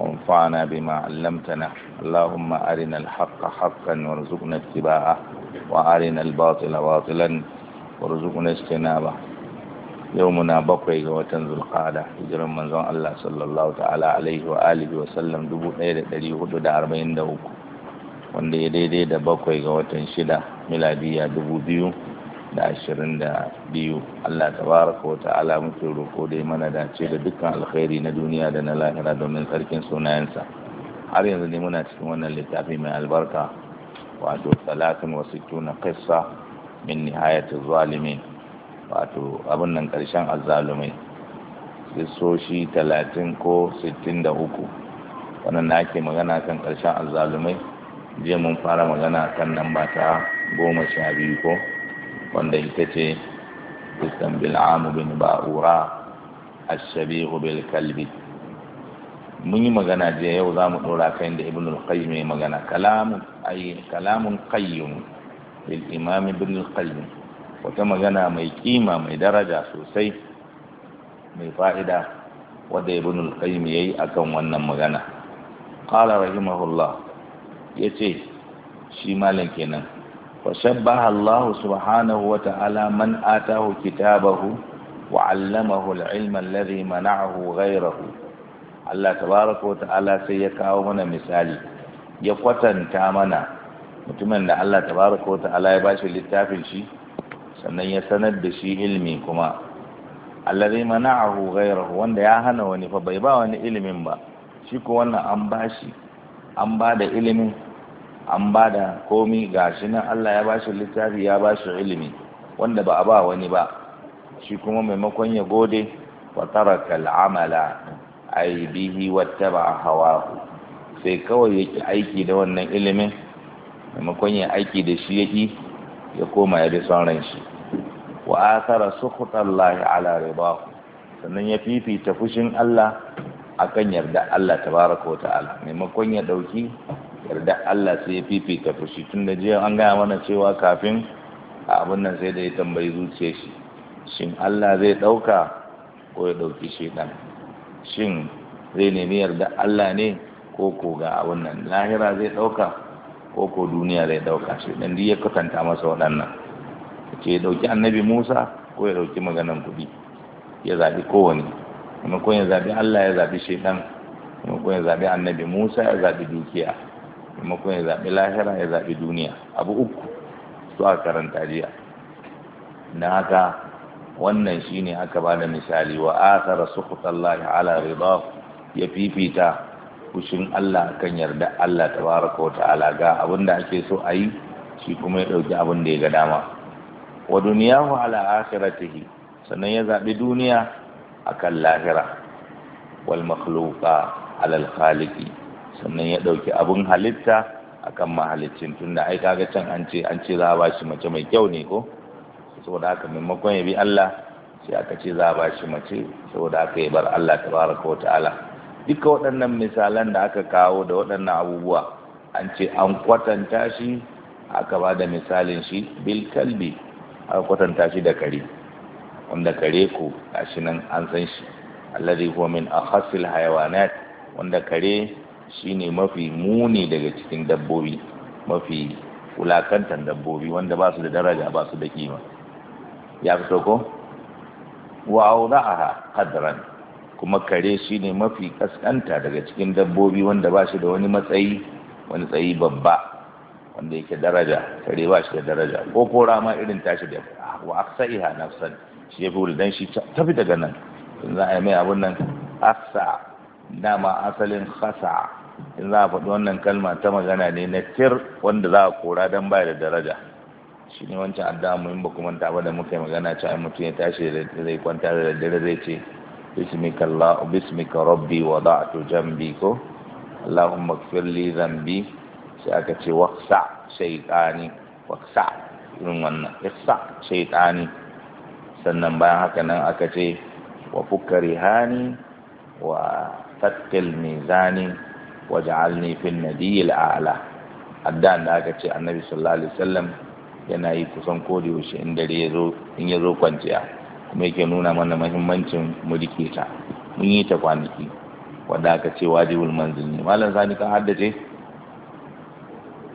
وانفعنا بما علمتنا اللهم أرنا الحق حقا وارزقنا اتباعه وأرنا الباطل باطلا وارزقنا اجتنابه يومنا بقي وتن ذو القعدة هجر من زون الله صلى الله تعالى عليه وآله وسلم دبو ليلة دلي هدو دا أربعين دوك wanda ya daidai da bakwai ga watan shida miladiya dubu biyu da ashirin da biyu Allah tabaraka wa ta'ala muke roko dai mana dace da dukkan alkhairi na duniya da na lahira domin sarkin sunayensa har yanzu ne muna cikin wannan littafi mai albarka wato talatin wasu tuna kissa min nihayati zalimi wato abin nan karshen azzalumai sissoshi talatin ko sittin da uku wannan na ake magana kan karshen azzalumai jiya mun fara magana kan nan ba ta goma sha biyu ko wanda ita ce istanbul amu bin ba'ura ashabihu bil kalbi mun yi magana je yau za mu ɗora kan da ibn al-qayyim ya magana kalamun qayyim lil imam ibn al-qayyim wata magana mai kima mai daraja sosai mai fa'ida Wadda ibn al-qayyim yayi akan wannan magana qala rahimahullah yace shi malam kenan وشبه الله سبحانه وتعالى من آتاه كتابه وعلمه العلم الذي منعه غيره Allah tabaraka wa ta'ala sai ya kawo mana misali ya kwatanta mana mutumin da Allah ta'ala ya bashi littafin shi sannan ya sanar da shi ilimi kuma allazi mana'ahu ghayrahu wanda ya hana wani fa bai ba wani ilimin ba shi ko wannan an bashi an ba da ilimin an ba da komi shi nan Allah ya bashi littafi ya bashi ilimi wanda ba a ba wani ba shi kuma maimakon ya gode wa amala al'amala ay bihi wattaba hawahu sai kawai ya ki aiki da wannan ilimin maimakon ya aiki da shi ki ya koma ya bi son ran shi wa sukutar lahi ala ridahu sannan ya fifita fushin Allah akan yarda Allah tabaraka wa ta'ala maimakon ya ɗauki. yarda Allah sai ya fifita fushi tun da jiya an gaya mana cewa kafin a abin nan sai da ya tambayi zuciya shi shin Allah zai ɗauka ko ya ɗauki shaidan shin zai nemi yarda Allah ne ko ko ga abin nan lahira zai ɗauka ko ko duniya zai ɗauka shaidan duk ya kwatanta masa waɗannan ke ya ɗauki annabi Musa ko ya ɗauki maganan kuɗi ya zaɓi kowane maimakon ya zaɓi Allah ya zaɓi shaidan maimakon ya zaɓi annabi Musa ya zaɓi dukiya maimakon ya zaɓi lahira ya zaɓi duniya abu uku su a karanta jiya na haka wannan shine aka ba da misali wa sukutan lahi ala riba ya fifita kushin Allah kan yarda Allah ta tabaraka ta alaga abin da ake so a yi shi kuma ya ɗauki abin da ya ga dama wa duniyahu ala yi sannan ya zaɓi duniya akan lahira wal makhluka ala sannan ya ɗauki abin halitta akan mahalicin tunda ai kaga can an ce an ce za a bashi mace mai kyau ne ko saboda haka maimakon ya bi Allah sai aka ce za a bashi mace saboda haka ya bar Allah tabaraka wa ta'ala duka waɗannan misalan da aka kawo da waɗannan abubuwa an ce an kwatanta shi aka ba da misalin shi bil kalbi aka kwatanta shi da kare wanda kare ku gashi nan an san shi alladhi huwa min akhasil hayawanat wanda kare shine mafi muni daga cikin dabbobi mafi wulakantar dabbobi wanda ba su da daraja ba su da kima ya fi ko wa auda'aha hadaran. kuma kare shine mafi kaskanta daga cikin dabbobi wanda ba shi da wani matsayi wani tsayi babba wanda yake daraja kare ba shi da daraja ko kora ma irin tashi da wa aksa'iha nafsan shi ya fi wuri dan shi tafi daga nan za a yi mai abun nan aksa dama asalin khasa in za a faɗi wannan kalma ta magana ne na tir wanda za a kora don baya da daraja shi ne wancan addu'a muhim ba kuma ta ba da muka yi magana cewa mutum ya tashi da zai kwanta da daddare zai ce bismika Allah bismika rabbi wa da'tu jambi ko Allahumma firli li dhanbi sai aka ce waqsa shaytani waqsa irin wannan iqsa shaytani sannan bayan haka nan aka ce wa fukkari hani wa fatkil mizani waj'alni fil nadiyil a'la addan da aka ce annabi sallallahu alaihi wasallam yana yi kusan ko da yaushe in dare ya zo in ya zo kwanciya kuma yake nuna mana muhimmancin mu rike ta mun yi ta kwanaki wanda aka ce wajibul manzil ne malam sani kan haddace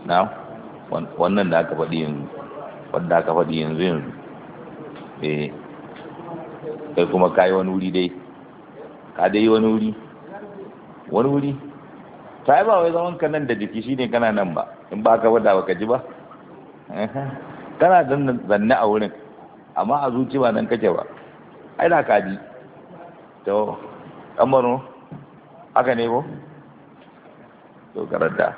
na wannan da aka faɗi yanzu wanda aka faɗi yanzu yanzu eh kai kuma kai wani wuri dai ka dai wani wuri wani wuri ta ba wai zaman ka nan da jiki shine kana nan ba in ba ka wada baka ji ba kana zanne a wurin amma a zuci ba nan kake ba ai da kaji. to amaro haka ne ko to karanta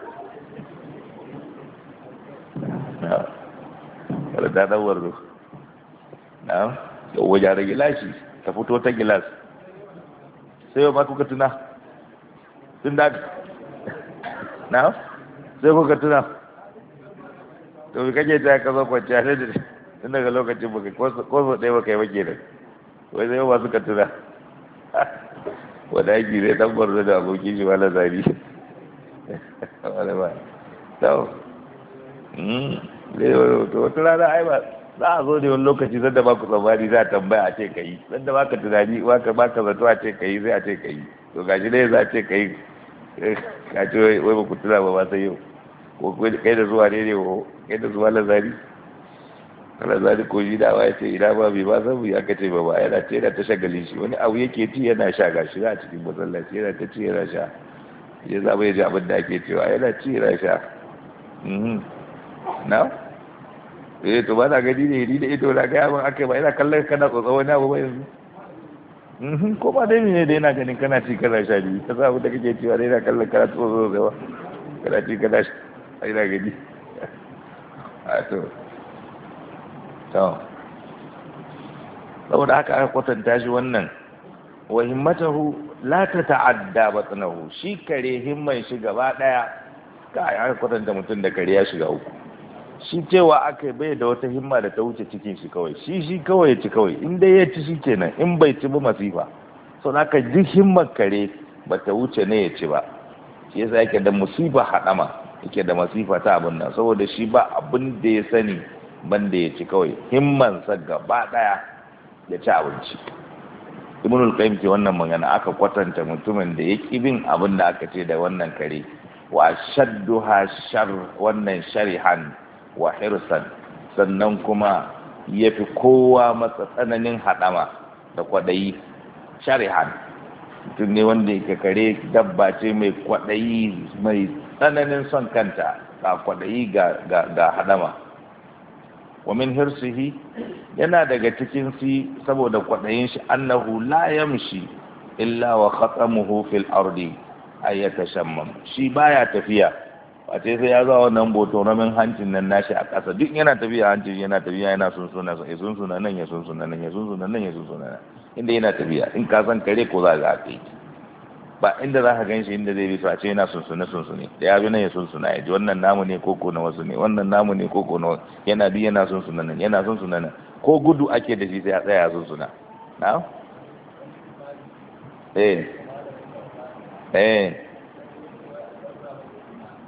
karanta da wardo na wajen rage gilashi. ta fito ta gilas sai ba kuka tuna tun da na sai kuka tuna to bi kake ta ka zo kwanciya da tun daga lokacin baka ko so ɗaya kai yi ke da wai sai ba ka tuna wadda yaki zai dan gwarzo da abokin shi wala zari wala ba to hmm, zai wato wata rana ai ba za a zo da wani lokaci zan da ba ku tsammani za a tambaya a ce ka yi zan da ba ka tunani ba ka zato a ce ka yi sai a ce ka yi to gashi ne za a ce ka yi ka ce wai ba ku tuna ba ba sai yau ko kai da zuwa ne ne ko kai da zuwa lazari lazari ko shi dawa ya ce ina ba bai ba buya ka ce ba ba yana ce yana ta shagalin shi wani abu yake ci yana sha ga shi a cikin masallaci yana ta ci yana sha ya zaba ya ji abin da ake cewa yana ci yana sha mm-hmm. na eh to ba na gani ne ni da ido na ga yaman aka ba yana kallon kana tsotsa wani abu ba yanzu Mhm, ko ba dai ne da yana ganin kana ci kana sha biyu ka samu da kake cewa dai na kallon kana tsoro zo ba kana ci kana sha ai na gani a to to saboda haka aka kwatanta shi wannan wa himmatahu la ta ta'adda batnahu shi kare himman shi gaba daya ka aka kwatanta mutum da kare ya shiga uku shi cewa aka bai da wata himma da ta wuce cikin shi kawai shi shi kawai ci kawai in dai ya ci shi kenan in bai ci ba masifa sau na aka ji himmar kare ba ta wuce ne ya ci ba shi yasa yake da musifa haɗama yake da masifa ta abin nan saboda shi ba abin da ya sani ban da ya ci kawai himman himmansa gaba ɗaya ya ci abinci ibn al ke wannan magana aka kwatanta mutumin da ya bin abin da aka ce da wannan kare wa shadduha shar wannan sharihan wa hirsan sannan kuma ya fi kowa masa tsananin haɗama da kwaɗayi shari'an mutum ne wanda ya kare dabba ce mai kwaɗayi mai tsananin son kanta ga kwaɗayi ga haɗama wamin min hirsihi yana daga cikin si saboda kwaɗayin shi annahu la yamshi illa wa khatamuhu fil ardi ayyata shamman shi baya tafiya face sai ya zawa wannan boto ramin hancin nan nashi a ƙasa duk yana tafiya hancin yana tafiya yana sunsuna ya sunsuna nan ya sunsuna nan ya sunsuna nan ya sunsuna nan inda yana tafiya in ka san kare ko za ka haka ba inda za ka gan shi inda zai bi face yana sunsune sunsune da ya bi nan ya sunsuna ya ji wannan namu ne koko na wasu ne wannan namu ne koko na yana bi yana sunsuna nan yana sunsuna nan ko gudu ake da shi sai a tsaya sunsuna na'am eh eh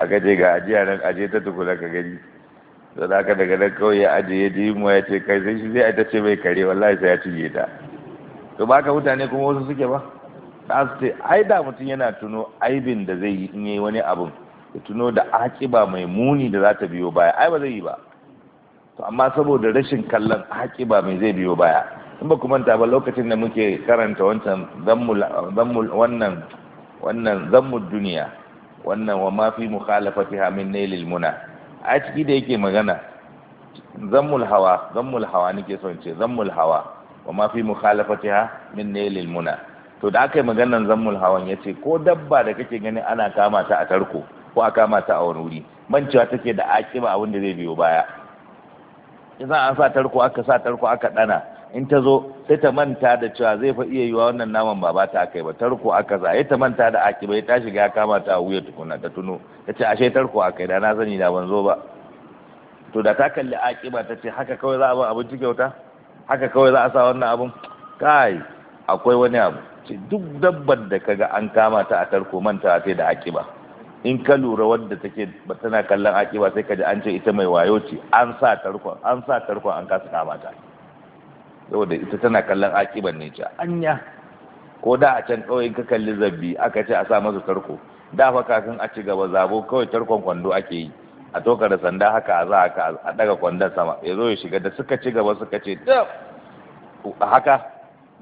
a gaje ga ajiya nan aje ta tukuna ka gani don haka daga nan kawai ya ajiye ta yi mu ya ce kai sai shi zai ta ce mai kare wallahi sai ya cinye ta to ba ka mutane kuma wasu suke ba da su ce ai da mutum yana tuno aibin da zai yi in yi wani abun ya tuno da akiba mai muni da za ta biyo baya ai ba zai yi ba to amma saboda rashin kallon akiba mai zai biyo baya in ba ku manta ba lokacin da muke karanta wancan zammul wannan wannan zammul duniya wannan wa mafi ha min nailil muna a ciki da yake magana zammul hawa zammul hawa nake son ce zammul hawa wa mafi ha min nailil muna to da aka yi maganar zammul hawan yace ko dabba da kake gani ana kama ta a tarko ko a kama ta a wani wuri mancewa take da akiba abin da zai biyo baya idan an sa tarko aka sa tarko aka dana in ta zo sai ta manta da cewa zai fa iya yiwa wannan naman ba ba ta kai ba tarko aka za ya ta manta da aki bai ta shiga ya kama ta a wuya tukuna ta tuno ta ce ashe tarko aka yi da na sani da ban zo ba to da ta kalli aki ba ta ce haka kawai za a ban abinci kyauta haka kawai za a sa wannan abun kai akwai wani abu ce duk dabbar da kaga an kama ta a tarko manta sai da aki ba in ka lura wadda take tana kallon aki ba sai ka ji an ce ita mai wayo ce an sa tarkon an sa tarkon an kasa kama ta saboda ita tana kallon akiban ne ce anya ko da a can kawai ka kalli zabbi aka ce a sa masa tarko da fa kafin a ci gaba zabo kawai tarkon kwando ake yi a tokar da sanda haka a za haka a daga kwandon sama ya zo ya shiga da suka ci gaba suka ce haka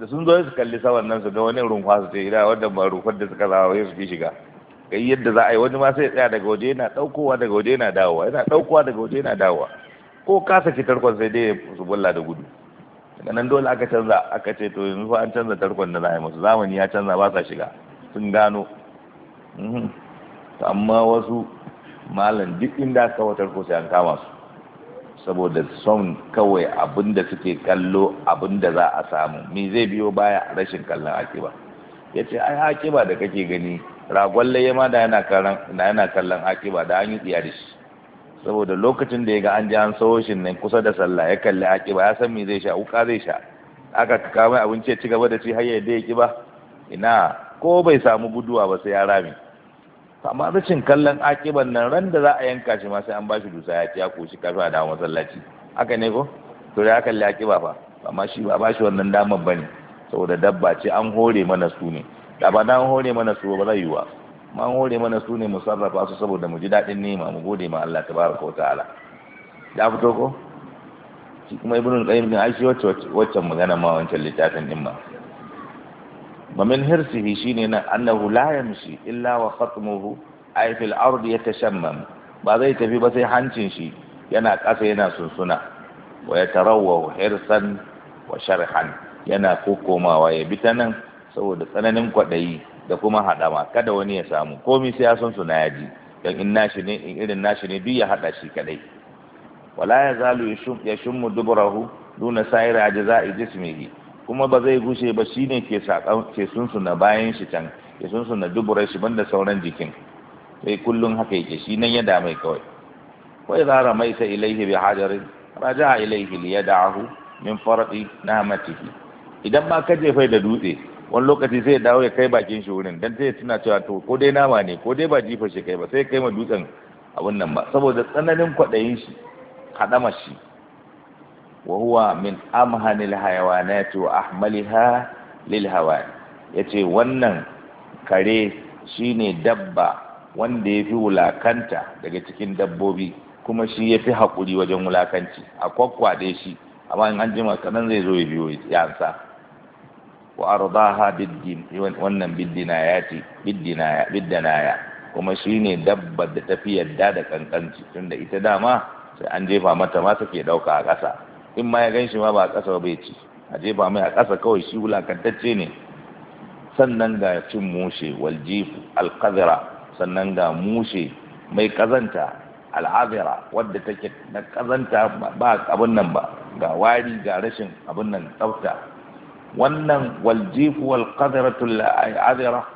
da sun zo su kalli saman nan su ga wani rumfa su ce ina wannan ba rumfar da suka zama su fi shiga kai yadda za a yi wani ma sai tsaya daga waje yana daukowa daga waje yana dawowa yana daukowa daga waje yana dawowa ko ka saki tarkon sai dai su bulla da gudu daga nan dole aka canza aka ce to yanzu fa an canza tarkon da zai a musu zamani ya canza ba sa shiga sun gano mhm. amma wasu malam duk inda aka kawo tarko sai an kama su saboda son kawai abin da suke kallo abin da za a samu me zai biyo baya rashin kallon akiba ya ce ai akiba da kake gani ragon ma da yana kallon akiba da an yi tsiya da shi saboda lokacin da ya ga an ji an sawo shi nan kusa da sallah ya kalli a ba ya san me zai sha wuka zai sha aka kawo mai abinci ya ci gaba da ci har ya ya ki ba ina ko bai samu guduwa ba sai ya rame amma rashin kallon akiban nan ran da za a yanka shi ma sai an bashi dusa ya ci ya koshi kafin a dawo masallaci haka ne ko to ya kalli akiba fa amma shi ba bashi wannan damar bane saboda dabba ce an hore mana su ne da ba dan hore mana su ba zai yi wa man hore mana su ne mu sarrafa su saboda mu ji daɗin nema mu gode ma Allah tabaraka ta'ala ya fito ko shi kuma ibnu qayyim din aishi wacce wacce magana ma wancan littafin din ma wa min hirsihi shine na annahu la yamshi illa wa khatmuhu ay fil ardi yatashammam ba zai tafi ba sai hancin shi yana ƙasa yana sunsuna wa yatarawwahu hirsan wa sharhan yana kokomawa ya bi ta nan saboda tsananin kwaɗayi da kuma haɗa ma kada wani ya samu komi sai ya san su na yaji don in nashi ne in irin nashi ne duk ya haɗa shi kaɗai. wala ya zalu ya shummu duburahu duna sa'ira jaza'i jismihi kuma ba zai gushe ba shine ke sakan ke bayan shi can ke na duburai shi banda sauran jikin sai kullum haka yake shi nan ya dame kawai zara mai sa ilaihi bi hajarin raja'a ilayhi ahu min na matihi idan ma ka jefai da dutse wani lokaci sai ya dawo ya kai bakin shi wurin dan sai ya tuna cewa to ko dai nama ne ko dai ba jifa shi kai ba sai kai ma dutsen abun nan ba saboda tsananin kwaɗayin shi kaɗama shi wa huwa min amhanil hayawanati wa ahmaliha lil hawa yace wannan kare shine dabba wanda yafi wulakanta daga cikin dabbobi kuma shi yafi hakuri wajen wulakanci a kwakwade shi amma in an jima kanan zai zo ya biyo ya ansa wa ardaha biddin wannan biddina ya ce biddina ya kuma shine dabbar da tafi yadda da kankanci tunda ita dama sai an jefa mata ma take dauka a ƙasa in ma ya ganshi ma ba a ƙasa bai ci a jefa mai a ƙasa kawai shi wulakantacce ne sannan ga cin mushe waljifu alkazira sannan ga mushe mai kazanta al'azira wadda take na kazanta ba abin nan ba ga wari ga rashin abin nan tsafta wannan waljifu wal qadratu azira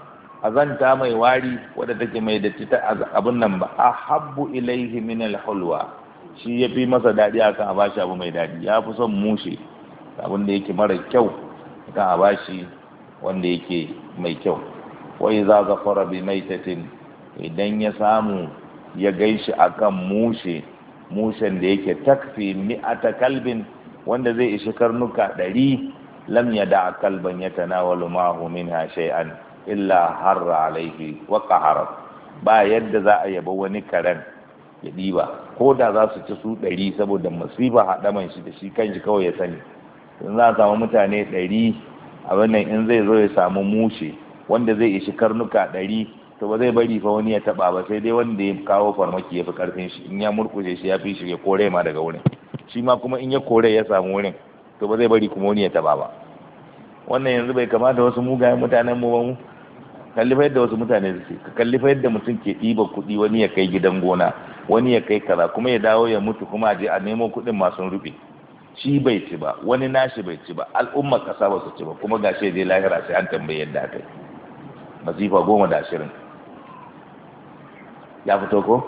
azanta mai wari wadda take mai datti ta abin nan ba ahabbu ilaihi min al hulwa shi yafi masa dadi akan a bashi abu mai dadi ya fi son mushe abin da yake mara kyau akan a bashi wanda yake mai kyau wa idza zafara bi maitatin idan ya samu ya gaishi akan mushe mushen da yake takfi mi'ata kalbin wanda zai ishi karnuka ɗari lam da kalban yatanawalu ma'ahu minha shay'an illa harra alaihi wa qahara ba yadda za a yaba wani karen ya diba ko da za su ci su ɗari saboda masifa haɗaman shi da shi kanshi kawai ya sani in za a samu mutane ɗari a wannan in zai zo ya samu mushe wanda zai ishi karnuka ɗari to ba zai bari fa wani ya taba ba sai dai wanda ya kawo farmaki ya fi karfin shi in ya murkushe shi ya fi shi ya kore ma daga wurin shi ma kuma in ya kore ya samu wurin to ba zai bari kuma wani ya taba ba wannan yanzu bai kamata wasu mugayen mutanen mu ba mu kalli fa yadda wasu mutane suke ka kalli fa yadda mutum ke ɗiba kuɗi wani ya kai gidan gona wani ya kai kaza kuma ya dawo ya mutu kuma je a nemo kuɗin masu rufe shi bai ci ba wani nashi bai ci ba al'ummar kasa ba su ci ba kuma gashi shi lahira sai an tambaye yadda aka yi masifa goma da ashirin ya fito ko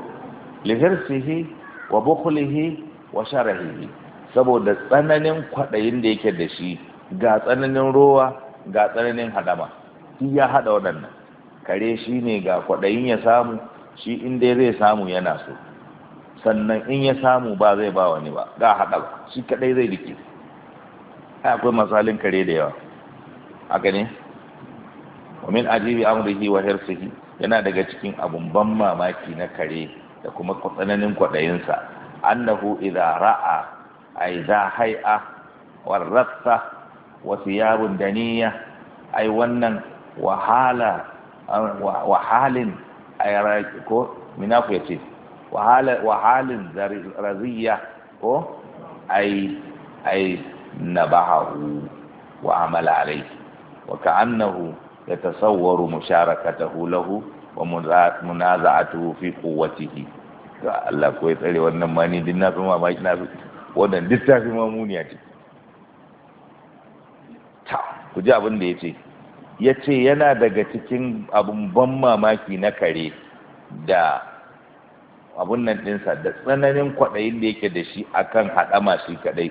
lihirsihi wa bukhlihi wa sharahihi saboda tsananin kwaɗayin da yake da shi ga tsananin rowa ga tsananin hadama shi ya haɗa waɗannan kare shi ne ga kwaɗayin ya samu shi inda zai samu yana so sannan in ya samu ba zai ba wani ba ga haɗa ba shi kaɗai zai dike akwai masalin kare da yawa haka ne wamin ajibi amrihi wa hirsihi yana daga cikin abun ban mamaki na kare da kuma tsananin kwaɗayinsa annahu idza ai za hai'a warrasa wasu yabun daniya ai wannan wahala wahalin ai ko minaku ya ce wahalin raziya ko ai ai nabahu wa amala alai wa ka'annahu yatasawwaru musharakatahu lahu wa munaza'atuhu fi quwwatihi ga Allah ko ya tsare wannan mani din na fi mamaki na fi wannan littafin mamuniya ce ta ku ji abin da ya ce ya ce yana daga cikin abin ban mamaki na kare da abin nan ɗinsa da tsananin kwaɗayin da yake da shi akan haɗama shi kaɗai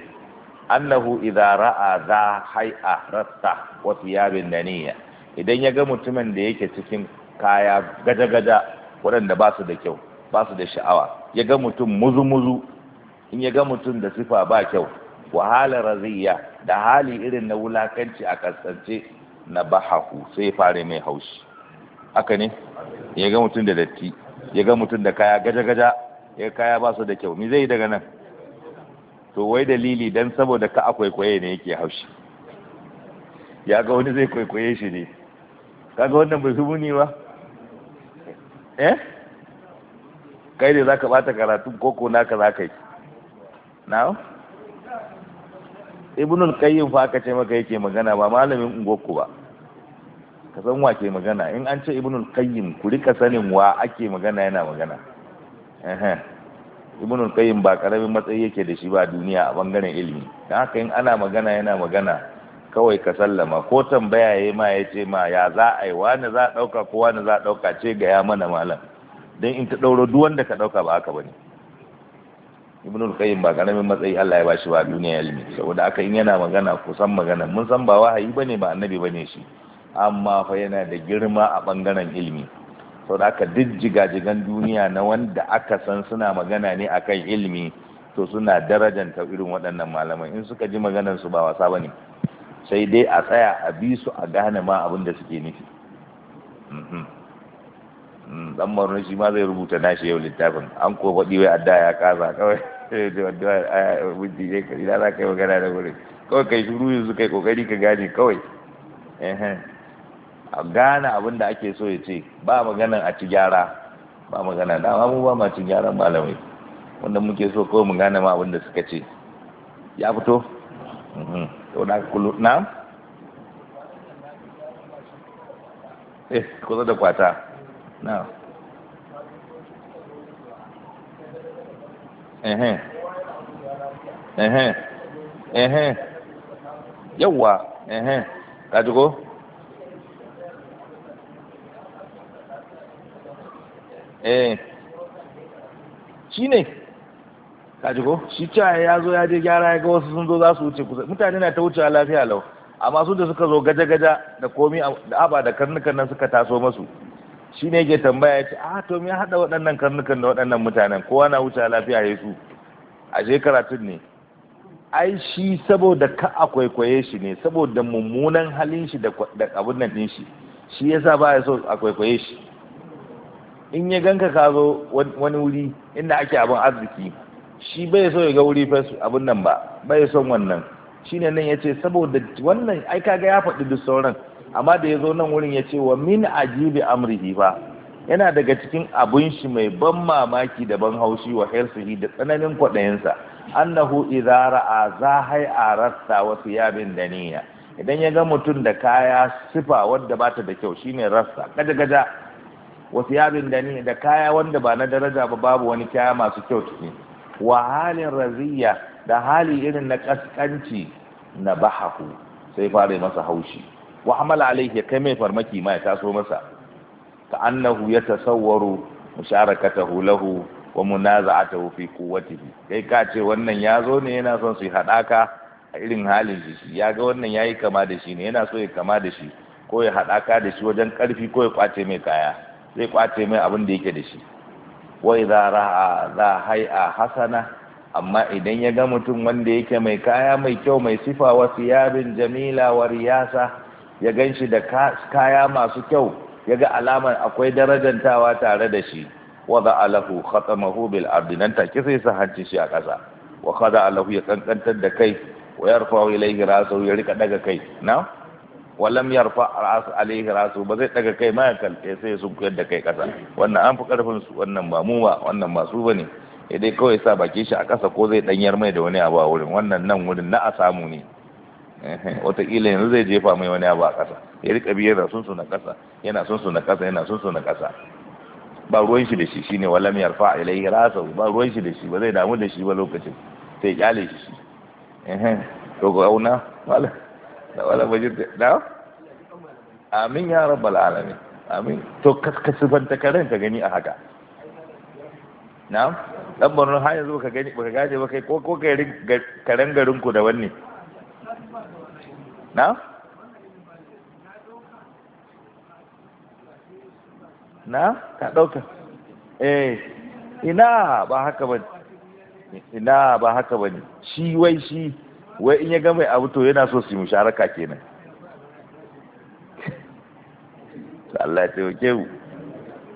annahu idza ra'a za hai'a rasta wa thiyabin daniya idan ya ga mutumin da yake cikin kaya gaja-gaja waɗanda ba su da kyau ba su da sha'awa ya ga mutum muzu-muzu in ya ga mutum da sifa ba kyau wahala raziya da hali irin na wulakanci a kasance na bahahu sai ya fara mai haushi haka ne ya ga mutum da datti ya ga mutum da kaya gaja-gaja ya kaya ba su da kyau ni zai daga nan to wai dalili dan saboda ka a kwaikwaye ne yake haushi ya ga wani zai kwaikwaye shi ne kaga wannan bai zubu ne ba eh kai da za ka bata karatun koko naka za ka yi na'am ibnul qayyim fa aka ce maka yake magana ba malamin ungoku ba ka san wa ke magana in an ce ibnul qayyim ku rika sanin wa ake magana yana magana eh ibnul qayyim ba karamin matsayi yake da shi ba duniya a bangaren ilimi dan haka in ana magana yana magana kawai ka sallama ko tambaya yayi ma ya ce ma ya za a yi wani za a dauka ko wani za a dauka ce ga ya mana malam dan in ta dauro duk wanda ka dauka ba haka bane ibn al-qayyim ba matsayi Allah ya bashi ba duniya ilimi saboda aka in yana magana kusan san magana mun san ba wahayi bane ba annabi bane shi amma fa yana da girma a bangaren ilimi saboda aka duk jigajigan duniya na wanda aka san suna magana ne akan ilimi to suna darajan darajanta irin waɗannan malaman in suka ji maganar su ba wasa bane sai dai a tsaya a bi su a gane ma abin da suke nufi mm-hmm. dan marno shi ma zai rubuta nashi yau littafin an ko faɗi wai adda ya kasa kawai da addu'a a wuce je kai ina za yi magana da wurin kawai kai shuru yanzu kai kokari ka gane kawai a gane abin da ake so ya ce ba maganan a ci gyara ba magana da mu ba ma ci gyaran malamai wanda muke so kawai mu gane ma abin da suka ce ya fito to mm-hmm. da kullu na eh kusa da kwata yawwa ehe ka ko eh shi ne kaji ko shi cewa ya zo ya je gyara ya ga wasu sun zo za su wuce kusa mutane na ta wuce lafiya lau amma su da suka zo gaja-gaja da komi da aba da karnukan nan suka taso masu shi ne yake tambaya ya ce a ah, to me haɗa waɗannan karnukan da waɗannan mutanen kowa na wuce lafiya ya su a je karatun ne ai shi saboda ka a kwaikwaye shi ne saboda mummunan halin shi da abin nan ɗin shi shi yasa ba ya so a kwaikwaye shi in ya ganka ka zo wani wuri inda ake abin arziki shi bai so ya ga wuri fes abin nan ba bai son wannan shi ne nan ya ce saboda wannan ai kaga ya faɗi duk sauran amma da ya zo nan wurin ya ce wa min ajibi amrihi ba yana daga cikin abun shi mai ban mamaki da ban haushi wa hirsuhi da tsananin kwaɗayinsa annahu idza ra'a za hai arasta wa thiyabin daniya idan ya ga mutum da kaya sifa wadda ba ta da kyau shine rasta gaja gaja wa thiyabin daniya da kaya wanda ba na daraja ba babu wani kaya masu kyau ciki wa halin raziya da hali irin na kaskanci na bahahu sai fara masa haushi wa hamala alaihi ya kai mai farmaki ma ya taso masa ka annahu ya tasawwaru musharakatahu lahu wa munaza'atahu fi quwwatihi kai ka ce wannan ya zo ne yana son su hadaka a irin halin shi ya ga wannan yayi kama da shi ne yana so ya kama da shi ko ya hadaka da shi wajen karfi ko ya kwace mai kaya zai kwace mai abin da yake da shi wa idza ra'a za hay'a hasana amma idan ya ga mutum wanda yake mai kaya mai kyau mai sifa wa siyabin jamila wa riyasa ya gan shi da kaya masu kyau ya ga alamar akwai darajantawa tare da shi wadda alahu khatamahu bil ardi nan sai sa hanci shi a ƙasa wa khada alahu ya kankantar da kai wa yarfa'u ilayhi rasu ya rika daga kai na walam yarfa ra'su alayhi ra'su ba zai daga kai ma kalle sai sun kuyar da kai ƙasa wannan an fi karfin su wannan ba mu ba wannan ba su bane idai kawai sa baki shi a ƙasa ko zai danyar mai da wani abu a wurin wannan nan wurin na a samu ne wataƙila yanzu zai jefa mai wani abu a ƙasa ya riƙa biyar da sun suna ƙasa yana sun suna ƙasa yana sun suna ƙasa ba ruwan shi da shi shine alfa ila yi rasa ba ruwan shi da shi ba zai damu da shi ba lokacin sai kyale shi eh to ga auna wala da wala bajir da amin ya rabbal alamin amin to kaskasufan ta karen ka gani a haka na'am dan barno har yanzu baka gani ka gaje ba kai ko ko karen garin ku da wannan na na ka ɗauka eh ina ba haka ba ina ba haka ba shi wai shi wai in ya ga mai abu to yana so su yi musharaka kenan Allah ya taimake mu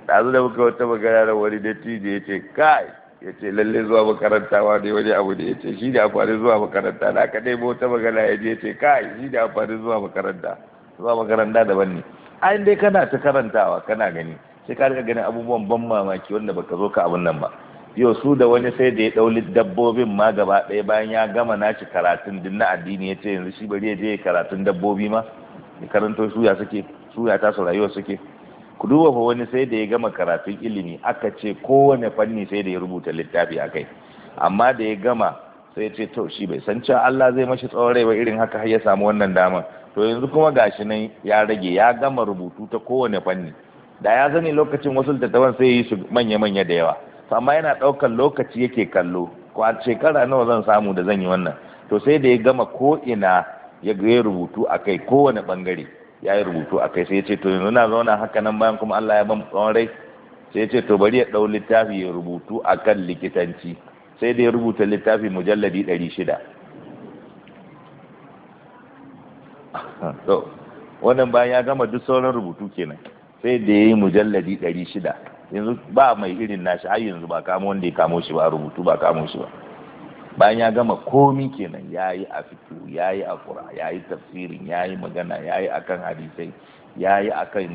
ɗazu da muka wata magana da wani dattijo ya ce kai ya ce lalle zuwa makarantawa ne wani abu ne ya ce shi da amfani zuwa makaranta da aka nemo ta magana ya je ce kai shi da amfani zuwa makaranta zuwa makaranta daban ne ai dai kana ta karantawa kana gani sai ka rika ganin abubuwan ban mamaki wanda baka zo ka abun nan ba yau su da wani sai da ya dauli dabbobin ma gaba ɗaya bayan ya gama naci karatun din na addini ya ce yanzu shi bari ya je karatun dabbobi ma ya karanto suya suke suya ta su rayuwa suke ku duba fa wani sai da ya gama karatun ilimi aka ce kowane fanni sai da ya rubuta littafi a kai amma da ya gama sai ce to shi bai san cewa Allah zai mashi tsawon rai ba irin haka har ya samu wannan damar to yanzu kuma gashi nan ya rage ya gama rubutu ta kowane fanni da ya sani lokacin wasu littattafan sai ya yi su manya-manya da yawa to amma yana ɗaukar lokaci yake kallo ko a shekara nawa zan samu da zan yi wannan to sai da ya gama ko ina ya rubutu a kai kowane bangare ya yi rubutu a kai sai ya ce to yanzu na zauna haka nan bayan kuma Allah ya ban tsawon rai sai ya ce to bari ya ɗau littafi ya rubutu a kan likitanci sai da ya rubuta littafi mujalladi ɗari shida wannan bayan ya gama duk sauran rubutu kenan sai da ya yi mujalladi ɗari shida yanzu ba mai irin nashi har yanzu ba kamo wanda ya kamo shi ba rubutu ba kamo shi ba bayan ya gama komi kenan ya yi a fito ya yi a kura ya yi tafsirin ya yi magana ya yi a kan hadisai ya yi a kan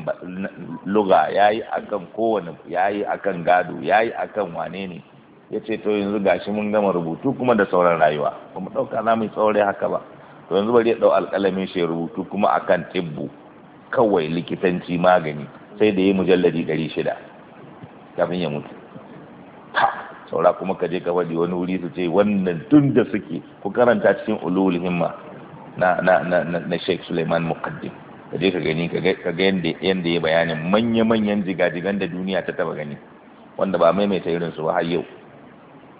luga ya yi a kan kowane ya yi a kan gado ya yi kan wane ne ya ce to yanzu gashi mun gama rubutu kuma da sauran rayuwa ba mu ɗauka na mai tsaure haka ba to yanzu bari ya ɗau alƙalamin shi rubutu kuma a kan tibbu kawai likitanci magani sai da ya mujalladi ɗari shida kafin ya mutu saura kuma ka je ka faɗi wani wuri su ce wannan tun da suke ku karanta cikin ulul himma na na na na Sheikh Suleiman Muqaddim ka je ka gani ka ga yanda yanda ya bayani manya manyan jigajigan da duniya ta taba gani wanda ba maimaita irin su ba har yau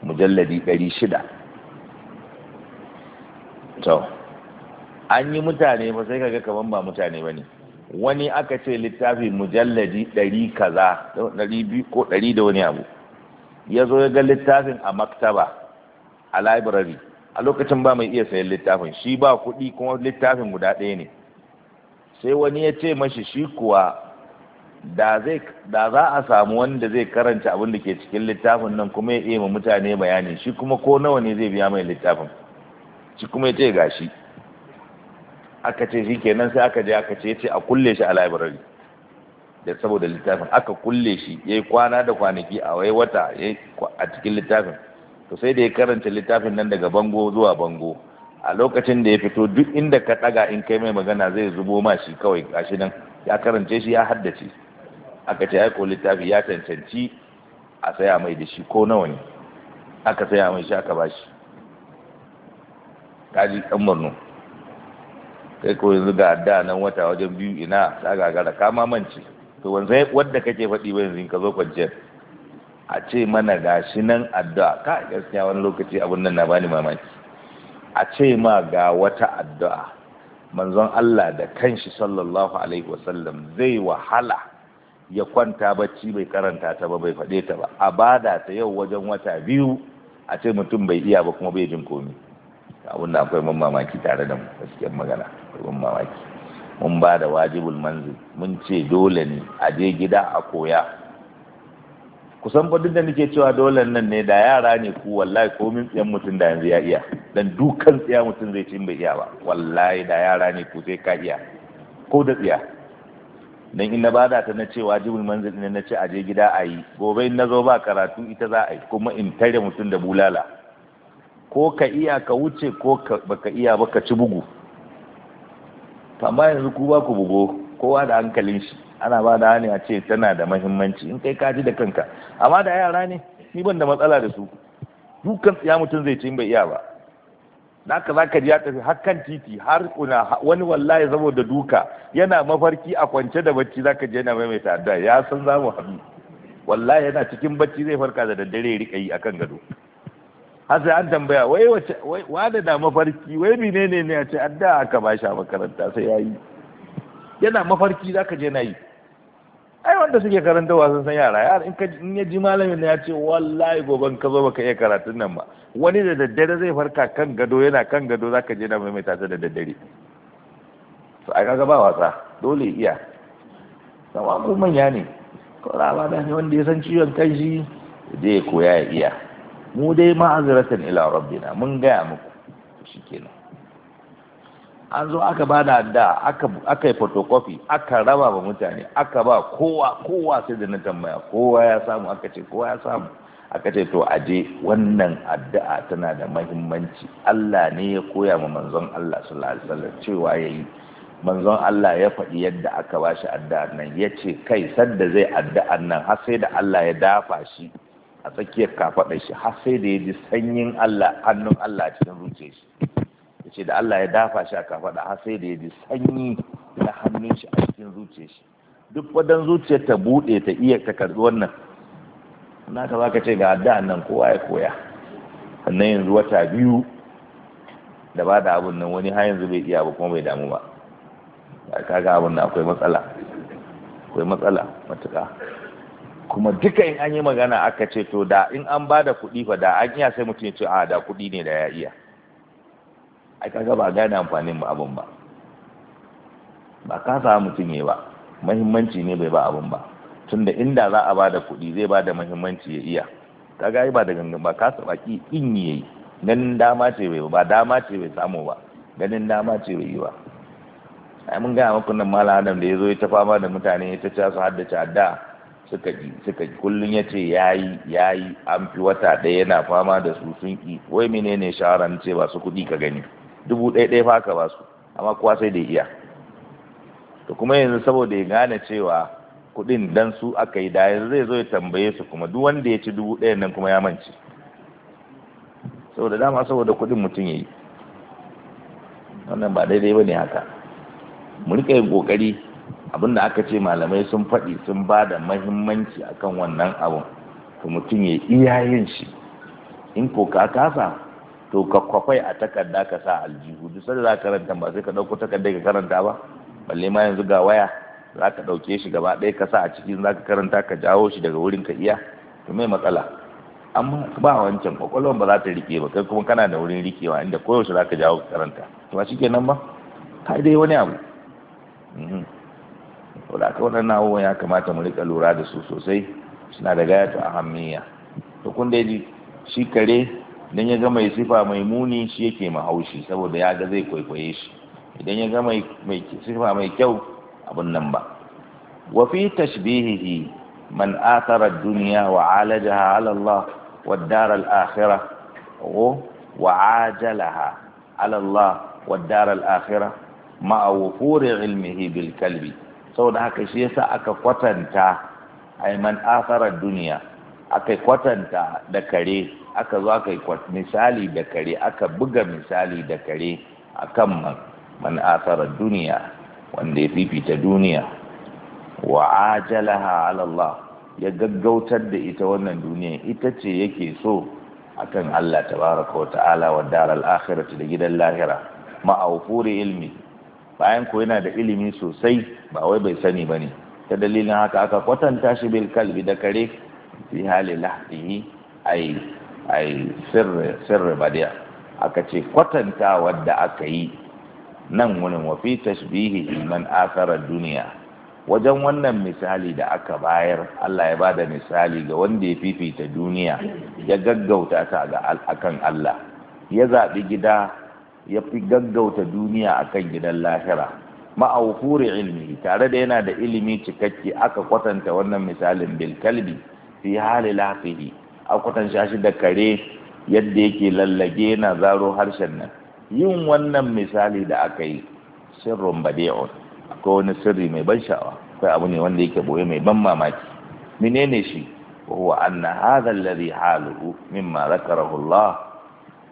mujalladi 600 to an yi mutane ba sai kaga kaman ba mutane bane wani aka ce littafi mujalladi 100 kaza 200 ko 100 da wani abu ya zo ya ga littafin a maktaba a library a lokacin ba mai iya sayan littafin shi ba kuɗi kuma littafin guda ɗaya ne sai wani ya ce mashi shi kuwa da za a samu wanda zai karanta abin da ke cikin littafin nan kuma ya iya mutane bayani shi kuma ko nawa ne zai biya mai littafin shi kuma ya ce gashi aka ce shi kenan sai aka je aka ce ya ce a kulle shi a library da saboda littafin aka kulle shi ya yi kwana da kwanaki a wai wata a cikin littafin to sai da ya karanta littafin nan daga bango zuwa bango a lokacin da ya fito duk inda ka ɗaga in kai mai magana zai zubo ma shi kawai gashi nan ya karance shi ya haddace aka ce ko littafi ya cancanci a saya mai da shi ko nawa ne aka saya mai shi aka bashi kaji ɗan murnu kai ko yanzu ga da nan wata wajen biyu ina ta gagara kama mamance to wanzu wadda kake faɗi ba yanzu ka zo kwanciyar a ce mana gashi nan addu'a ka gaskiya wani lokaci abun nan na bani mamaki a ce ma ga wata addu'a manzon Allah da kanshi sallallahu alaihi wasallam zai wahala ya kwanta bacci bai karanta ta ba bai faɗe ta ba a bada ta yau wajen wata biyu a ce mutum bai iya ba kuma bai jin komi abun da akwai mamaki tare da mu gaskiyar magana akwai mamaki mun ba da wajibul manzil mun ce dole ne a je gida a koya kusan fa duk da nake cewa dole nan ne da yara ne ku wallahi ko min tsayan mutum da yanzu ya iya dan dukan tsiya mutum zai cin bai iya ba wallahi da yara ne ku sai ka iya ko da tsaya dan in na bada ta na ce wajibul manzil ne na ce a je gida a yi gobe in na zo ba karatu ita za a yi kuma in tare mutum da bulala ko ka iya ka wuce ko baka iya baka ci bugu to amma yanzu ku ba ku bugo kowa da hankalin shi ana ba da hannu a ce tana da mahimmanci in kai kaji da kanka amma da yara ne ni ban da matsala da su dukan tsiya mutum zai ci in bai iya ba naka za ka ji ya tafi hakan titi har kuna wani wallahi saboda duka yana mafarki a kwance da bacci za ka ji yana maimaita da ya san za mu haɗu wallahi yana cikin bacci zai farka da daddare ya riƙa yi akan gado hasa an tambaya wai wace wada da mafarki wai menene ne a ce adda da aka ba shi a makaranta sai ya yi yana mafarki za ka je na yi ai wanda suke karanta wasan san yara yara in ka in ya ji malamin ya ce wallahi goban ka zo baka iya karatun nan ba wani da daddare zai farka kan gado yana kan gado za ka je na maimaita ta da daddare to ai kaga ba wasa dole iya sama ko manya ne ko rawa da ne wanda ya san ciwon kanshi zai koya ya iya mu dai ma'aziratan ila rabbina mun gaya muku shikenan an zo aka ba da adda aka yi photocopy aka raba ba mutane aka ba kowa kowa sai da na tambaya kowa ya samu aka ce kowa ya samu aka ce to aje wannan addu'a tana da mahimmanci Allah ne ya koya ma manzon Allah sallallahu alaihi wasallam cewa yayi manzon Allah ya faɗi yadda aka bashi addu'a nan yace kai sadda zai addu'ar nan har sai da Allah ya dafa shi a tsakiyar kafaɗar shi har sai da ya ji sanyin Allah hannun Allah a cikin zuciyar shi ya ce da Allah ya dafa shi a kafaɗa har sai da ya ji sanyi na hannun shi a cikin zuciyar shi duk wadan zuciyar ta buɗe ta iya ta karɓi wannan na ka baka ce ga da nan kowa ya koya sannan yanzu wata biyu da ba da abun nan wani har yanzu bai iya ba kuma bai damu ba kaga abun nan akwai matsala akwai matsala matuƙa kuma duka in an yi magana aka ce to da in an ba da kuɗi fa da an iya sai mutum ya ce a ah, da kuɗi ne da ya iya ai kaga ba gane amfanin ba abun ba ba ka sa mutum ya ba mahimmanci ne bai ba abun ba tunda inda za a ba da kuɗi zai ba da mahimmanci ya iya kaga ai ba da gangan ba ka sa baki in yi. ganin dama ce bai ba dama ce bai samu ba ganin dama ce bai yi ba ai mun gaya muku nan malam adam da ya zo ya ta fama da mutane ya ta ci su haddace addu'a. suka ji suka ji kullum ya ce ya yi ya yi an fi wata ɗaya yana fama da su sun ki wai menene shawaran ce ba su kuɗi ka gani dubu ɗaya ɗaya fa ka ba su amma kowa sai da iya to kuma yanzu saboda ya gane cewa kuɗin dan su aka yi da yanzu zai zo ya tambaye su kuma duk wanda ya ci dubu ɗaya nan kuma ya mance saboda dama saboda kuɗin mutum ya yi wannan ba daidai ba ne haka mu riƙa yin ƙoƙari Abin da aka ce malamai sun faɗi sun ba da mahimmanci akan wannan abun to mutum ya iya yin shi in ko ka kasa to ka kwafai a takarda ka sa aljihu duk sai za ka karanta ba sai ka ɗauko takarda ka karanta ba balle ma yanzu ga waya za ka ɗauke shi gaba ɗaya ka sa a cikin za ka karanta ka jawo shi daga wurin ka iya to mai matsala amma ba wancan kwakwalwa ba za ta rike ba kai kuma kana da wurin rikewa inda koyaushe za ka jawo ka karanta to ba shi kenan ba kai dai wani abu mhm. saboda aka waɗannan abubuwan ya kamata mu rika lura da su sosai suna da gayatu ahammiya to kun dai shi kare idan ya ga mai sifa mai muni shi yake mahaushi saboda ya ga zai kwaikwaye shi idan ya ga mai sifa mai kyau abun nan ba wa fi tashbihihi man athara ad-dunya wa 'alajaha 'ala Allah wa ad-dar al-akhirah wa 'ajalaha 'ala Allah wa ad-dar al-akhirah ma'a wufuri ilmihi bil kalbi saboda haka shi yasa aka kwatanta aiman asarar duniya aka kwatanta da kare aka zo aka yi misali da kare aka buga misali da kare a kan man asarar duniya wanda ya fifita duniya wa ajalaha Allah ya gaggautar da ita wannan duniya ita ce yake so akan Allah tabaraka wa ta'ala wa daral akhirati da gidan lahira ma'aufuri ilmi bayan ko yana da ilimi sosai ba wai bai sani ba ne ta dalilin haka aka kwatanta shi bil kalbi da kare fi hali lahdihi ai ai sirri badiya aka ce kwatanta wadda aka yi nan wani wafi tashbihi man asara duniya wajen wannan misali da aka bayar Allah ya bada misali ga wanda ya fifita duniya ya gaggauta ta ga akan Allah ya zaɓi gida ya fi gaggauta duniya akan gidan lahira ma'aukuri ilmi tare da yana da ilimi cikakke aka kwatanta wannan misalin bilkalbi. kalbi fi hali lafihi a kwatanta shi da kare yadda yake lallage na zaro harshen nan yin wannan misali da aka yi sirrin badi'un akwai wani sirri mai ban sha'awa akwai abu ne wanda yake boye mai ban mamaki menene shi huwa anna hadha alladhi haluhu mimma zakarahu Allah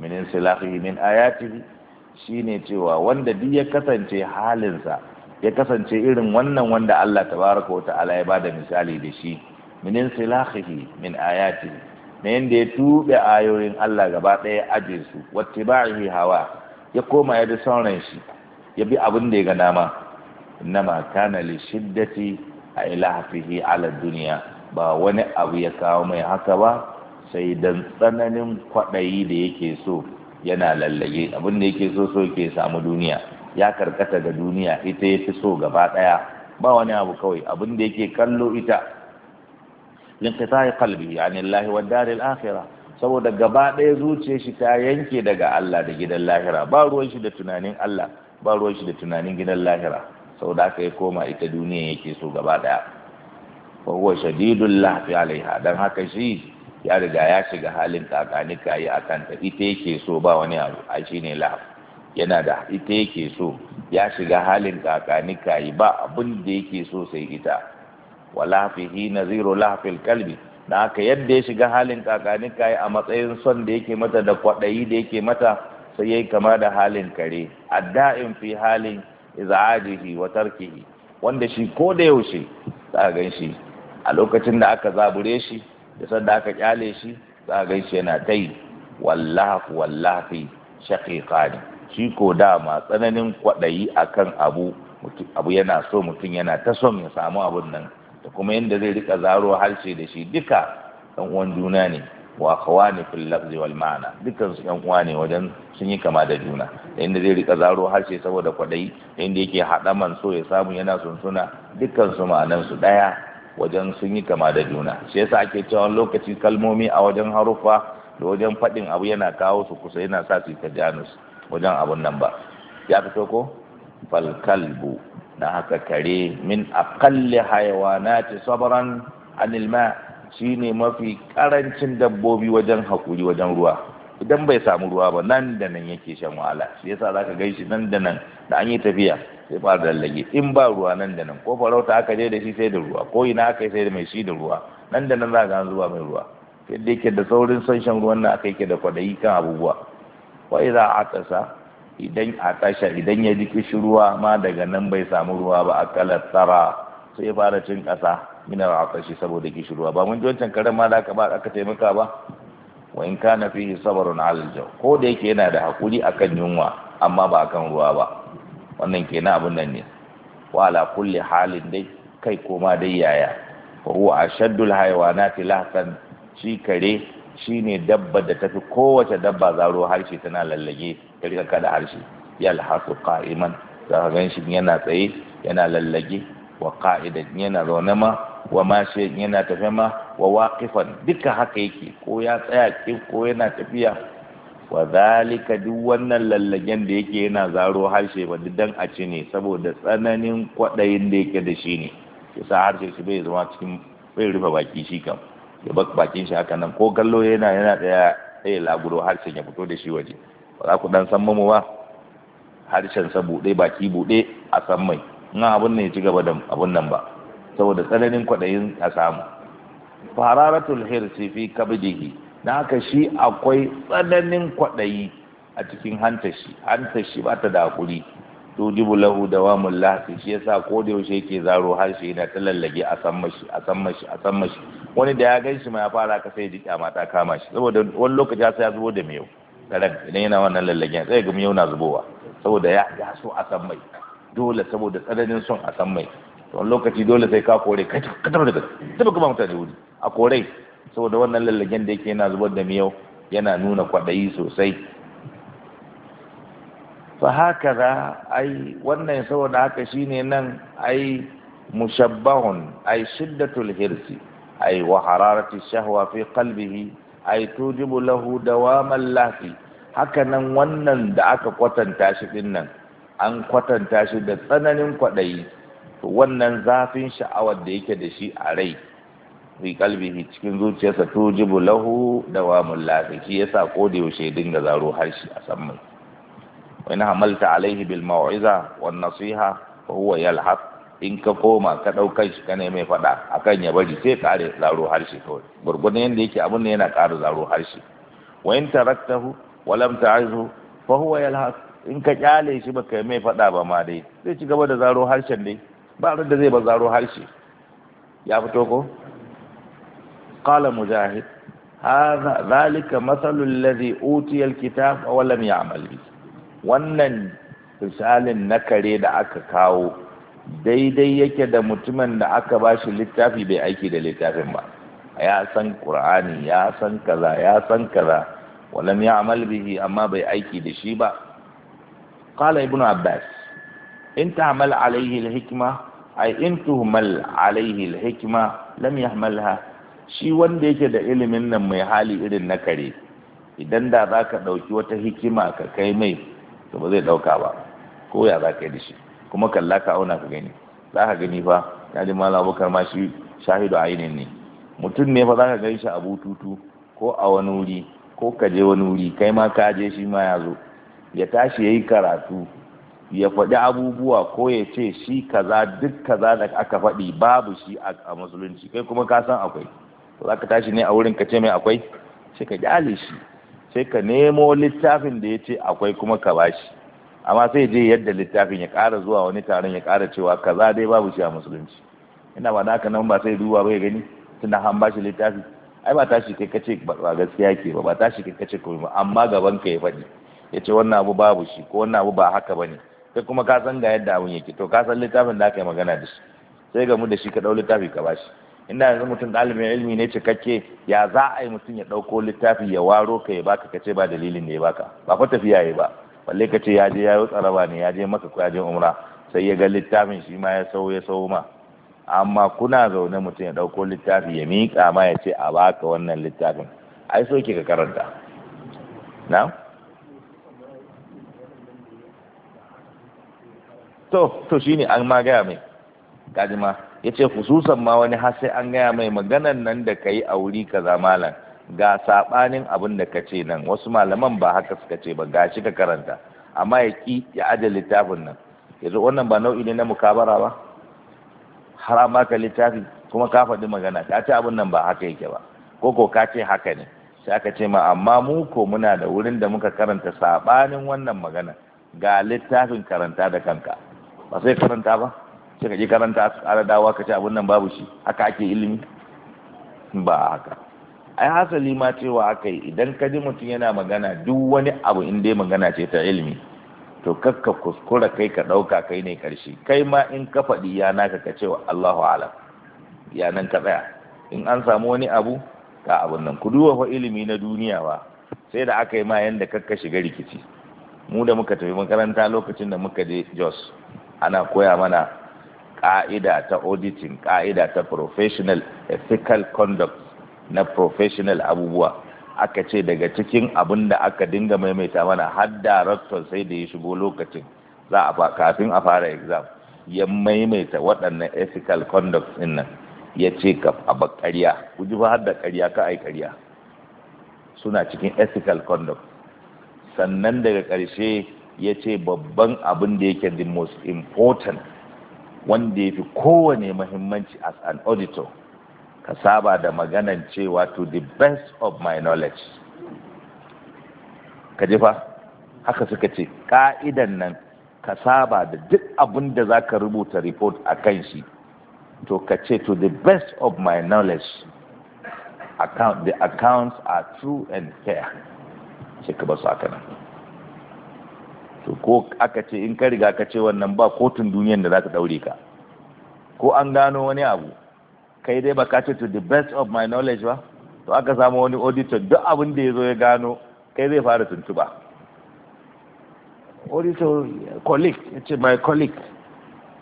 min insilahihi min ayatihi shine cewa wanda duk ya kasance halinsa ya kasance irin wannan wanda Allah tabaraka wa ta'ala ya da misali da shi min silahihi min ayati na yanda ya tube ayoyin Allah gaba ɗaya aje su wattibahi hawa ya koma ya bi sauran shi ya bi abin da ya ga nama. innama kana li shiddati a ilahihi ala duniya ba wani abu ya kawo mai haka ba sai dan tsananin kwaɗayi da yake so yana lallage abin da yake so so ke samu duniya ya karkata ga duniya ita ya fi so gaba daya ba wani abu kawai abin da yake kallo ita kalbi qalbi yani Allah wa daril akhirah saboda gaba ɗaya zuciyar shi ta yanke daga Allah da gidan lahira ba ruwan shi da tunanin Allah ba ruwan shi da tunanin gidan lahira saboda haka ya koma ita duniya yake so gaba daya wa huwa shadidul lahfi alaiha dan haka shi ya riga ya shiga halin kakanika yi a kanta ita yake so ba wani abu a shi ne lahab yana da ita yake so ya shiga halin kakanika yi ba abin da yake so sai ita wa lafihi naziru lafil kalbi da haka yadda ya shiga halin kakanika yi a matsayin son da yake mata da kwaɗayi da yake mata sai yi kama da halin kare A da'in fi halin iz'ajihi wa tarkihi wanda shi ko da yaushe za gan shi a lokacin da aka zabure shi da sanda aka kyale shi za a gaishe yana ta yi wallahu wallahi ne. shi ko dama tsananin kwaɗayi akan abu abu yana so mutum yana ta son ya samu abun nan da kuma yadda zai rika zaro harshe da shi duka ɗan uwan juna ne wa khawani fil lafzi wal ma'ana dukkan su ɗan uwa ne wajen sun yi kama da juna da zai rika zaro harshe saboda kwaɗayi da inda yake man so ya samu yana sunsuna dukkan su ma'anan su ɗaya wajen sun yi kama da juna shi yasa ake cewa lokaci kalmomi a wajen haruffa da wajen faɗin abu yana kawo su kusa yana sa su ta janus wajen abun nan ba ya fito ko kalbu na haka kare min akalli hayawanati sabran anil ma shine mafi karancin dabbobi wajen hakuri wajen ruwa idan bai samu ruwa ba nan da nan yake shan wahala shi yasa zaka gaishe nan da nan da an yi tafiya sai da dallage in ba ruwa nan da nan ko farauta aka je da shi sai da ruwa ko ina aka sai da mai shi da ruwa nan da nan zaka an zuwa mai ruwa yadda yake da saurin son shan ruwan nan aka yake da kwadayi kan abubuwa wa idza atasa idan atasha idan ya ji ruwa ma daga nan bai samu ruwa ba akala tsara sai ya fara cin kasa mina kashi saboda kishirwa ba mun ji wancan karen ma da ba aka taimaka ba wa in kana fihi sabrun alal jaw ko da yake yana da hakuri akan yunwa amma ba a kan ruwa ba wannan kenan abun nan ne wa ala kulli halin dai kai koma dai yaya fa huwa ashaddul hayawanati lahsan shi kare shine dabba da tafi kowace dabba zaro harshe tana lallage ta rika kada harshe yalhasu qa'iman za ka gan shi yana tsaye yana lallage wa qa'idan yana zaune ma wa mashin yana tafiya ma wa waqifan duka haka yake ko ya tsaya ke ko yana tafiya wa zalika duk wannan lallagen da yake yana zaro harshe ba dan a ci ne saboda tsananin kwaɗayin da yake da shi ne yasa harshe shi bai zama cikin bai rufe baki shi kam ya bak bakin shi haka nan ko kallo yana yana tsaya tsaye laguro harshen ya fito da shi waje ba za ku dan san mamu ba harshen sa buɗe baki buɗe a san mai in abun ne ya ci gaba da abun nan ba saboda tsananin kwaɗayin a samu fararatul hirsi fi kabdihi na haka shi akwai tsananin kwaɗayi a cikin hantashi hantashi ba ta da hakuri jibu lahu wa mulla shi yasa ko da yaushe yake zaro harshe yana ta lallage a san mashi a san mashi a san mashi wani da ya ganshi ma ya fara ka sai ji kyama ta kama shi saboda wani lokaci ya sai ya zubo da miyau karan idan yana wannan lallagen sai ga miyau na zubowa saboda ya ya so a san mai dole saboda tsananin son a san mai to lokaci dole sai ka kore kai ka tabbata da tabbata kuma mutane wuri a kore saboda wannan lallagen da yake yana zubar da miyau yana nuna kwaɗayi sosai fa haka za ai wannan saboda haka shine nan ai mushabbahun ai shiddatul hirsi ai wa hararati shahwa fi qalbihi ai tujibu lahu dawamal lafi haka nan wannan da aka kwatanta shi din nan an kwatanta shi da tsananin kwaɗayi. to wannan zafin sha'awar da yake da shi a rai fi kalbihi cikin zuciyarsa jibu lahu dawamul lafi shi yasa ko da yaushe dinga zaro harshe a san mai wa in hamalta alaihi bil mau'iza wan nasiha fa huwa yalhaq in ka koma ka daukar shi kana mai fada akan ya bari sai kare zaro harshe to gurgurdan yanda yake abun ne yana kare zaro harshe wa in taraktahu wa lam ta'izhu fa huwa yalhaq in ka kyale shi baka mai fada ba ma dai zai ci gaba da zaro harshen dai ba da zai bazaro harshe ya fito ko qala mujahid hadha zalika mathalul ladhi utiya alkitab wa lam ya'mal bi wannan misalin na kare da aka kawo daidai yake da mutumin da aka bashi littafi bai aiki da littafin ba ya san qur'ani ya san kaza ya san kaza lam ya'mal bihi amma bai aiki da shi ba qala ibnu abbas in ta'mal alayhi alhikma ai in tuhmal alaihi alhikma lam yahmalha shi wanda yake da ilimin nan mai hali irin na kare idan da za ka ɗauki wata hikima ka kai mai to ba zai ɗauka ba ko ya za ka yi shi kuma kalla ka auna ka gani za ka gani fa ya ji malam ma shi shahidu ainihin ne mutum ne fa za ka gani shi a bututu ko a wani wuri ko ka je wani wuri kai ma ka je shi ma ya zo ya tashi ya yi karatu ya faɗi abubuwa ko ya ce shi kaza duk kaza da aka faɗi babu shi a musulunci kai kuma ka san akwai to za ka tashi ne a wurin ka ce mai akwai sai ka gyale shi sai ka nemo littafin da ya ce akwai kuma ka bashi amma sai je yadda littafin ya ƙara zuwa wani taron ya ƙara cewa kaza dai babu shi a musulunci ina ba da haka nan ba sai duba bai gani tunda an bashi littafi ai ba tashi kai kace ba gaskiya ke ba ba tashi kai kace ko amma gaban ka ya faɗi ya ce wannan abu babu shi ko wannan abu ba haka bane kai kuma ka san ga yadda abun yake to ka san littafin da aka yi magana da shi sai ga mu da shi ka ɗau littafi ka bashi inda yanzu mutum ɗalibin ilimi ne cikakke ya za a yi mutum ya ɗauko littafi ya waro ka ya baka ka ce ba dalilin da ya baka ba ko tafiya ya ba balle ka ce ya je ya yi tsaraba ne ya je maka ko ya je umra sai ya ga littafin shi ma ya sau ya sau ma amma kuna zaune mutum ya ɗauko littafi ya miƙa ma ya ce a baka wannan littafin ai so ka karanta na to to shine an ma gaya mai gajima ya ce ma wani har sai an gaya mai maganan nan da ka yi a wuri kaza malam ga saɓanin abin da ka ce nan wasu malaman ba haka suka ce ba ga shi ka karanta amma ya ki ya ajiye littafin nan yanzu wannan ba nau'i ne na mukabara ba har an littafi kuma ka faɗi magana ka ce abin nan ba haka yake ba ko ko ka ce haka ne sai aka ce ma amma mu ko muna da wurin da muka karanta saɓanin wannan magana ga littafin karanta da kanka ba sai karanta ba sai ka je karanta a dawa ka ce abin nan babu shi haka ake ilimi ba haka ai hasali ma cewa aka yi idan ka ji mutum yana magana duk wani abu in dai magana ce ta ilimi to kakka kuskura kai ka ɗauka kai ne karshe kai ma in ka faɗi ya naka ka cewa Allahu alam ya nan ka tsaya in an samu wani abu ka abin nan ku duba fa ilimi na duniya ba sai da aka yi ma yanda kakka shiga rikici mu da muka tafi makaranta lokacin da muka je Jos ana koya mana ƙa'ida ta auditing ƙa'ida ta professional ethical conduct na professional abubuwa aka ce daga cikin abin da aka dinga maimaita mana har director sai da ya shigo lokacin za a kafin a fara exam ya maimaita waɗannan ethical conduct din nan ya ce ka ba ƙarya ji ba har da ƙarya ka ai ƙarya suna cikin ethical conduct sannan daga ƙarshe ya ce babban abin da yake the most important wanda ya fi kowane mahimmanci as an auditor ka saba da maganan cewa to the best of my knowledge ka jefa haka suka ce ka'idan nan ka saba da duk abin da za ka rubuta report a kan shi to ka ce to the best of my knowledge account the accounts are true and fair sai ka basu haka nan to ko aka ce in ka riga ka ce wannan ba kotun duniyan da za ka daure ka ko an gano wani abu kai dai ba ka ce to the best of my knowledge ba to aka samu wani auditor duk abin da ya zo ya gano kai zai fara tuntuba auditor colleague ya ce my colleague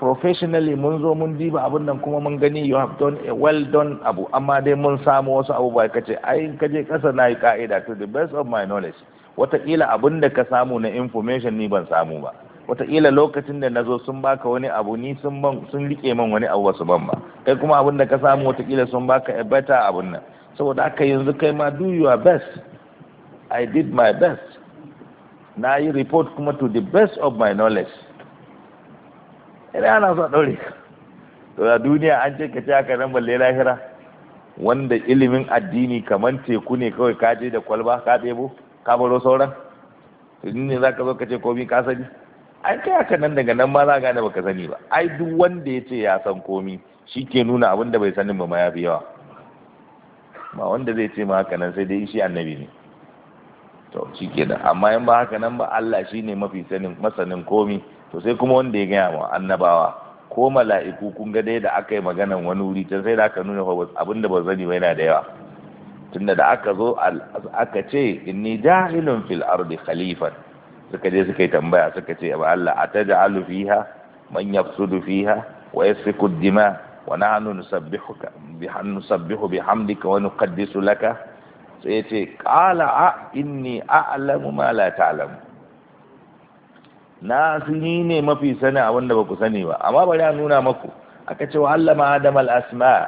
professionally mun zo mun diba abin nan kuma mun gani you have done a well done abu amma dai mun samu wasu abubuwa ka ce ai ka je kasa na yi ka'ida to the best of my knowledge wataƙila abin da ka samu na information ni ban samu ba wataƙila lokacin da nazo sun baka wani abu ni sun ban sun rike man wani abu wasu ban ba kai kuma abin da ka samu wataƙila sun baka a better abin nan saboda haka yanzu kai ma do your best i did my best na yi report kuma to the best of my knowledge idan ana so ɗaure to da duniya an ce ka ci haka nan balle lahira wanda ilimin addini kamar teku ne kawai ka je da kwalba ka ɗebo ka baro sauran to ne za ka zo ka ce komi ka sani ai kai haka nan daga nan ma za gane baka sani ba ai duk wanda ya ce ya san komi shi ke nuna abin da bai sanin ba ma ya fi yawa ba wanda zai ce ma haka nan sai dai shi annabi ne to shi ke da amma in ba haka nan ba Allah shi ne mafi sanin masanin komi to sai kuma wanda ya gaya ma annabawa ko mala'iku kun ga dai da aka yi maganan wani wuri can sai da aka nuna abin da ba sani ba yana da yawa tunda da aka zo aka ce inni ja'ilun fil ardi khalifan suka je suka yi tambaya suka ce ba Allah ataj'alu fiha man yafsudu fiha wa yasfiku ad-dima wa nahnu nusabbihuka bihamdu nusabbihu bihamdika wa nuqaddisu laka sai ce qala a inni a'lamu ma la ta'lamu na sani ne mafi sani abinda ba ku sani ba amma bari a nuna maku aka ce wa Allah ma adam al-asma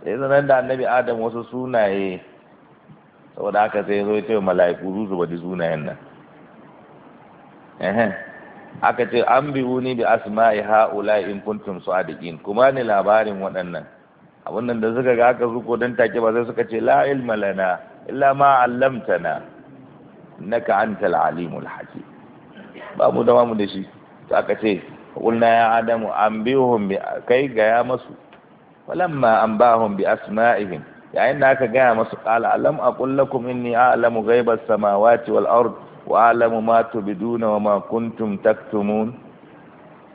sai zanen da annabi adam wasu sunaye saboda haka sai zo ce mala'iku zu zuba da sunayen nan ehem aka ce an bi wuni bi asma'i ha'ula in kuntum sadiqin kuma ne labarin waɗannan abun nan da suka ga aka ko dan take ba sai suka ce la ilma lana illa ma 'allamtana innaka antal alimul hakim ba mu da mu da shi to aka ce qulna ya adamu an bi kai ga ya masu walamma an bi asma'ihim yayin da aka gaya masu qala alam a lakum inni a'lamu ghaibas samawati wal ard wa a'lamu ma biduna wa ma kuntum taktumun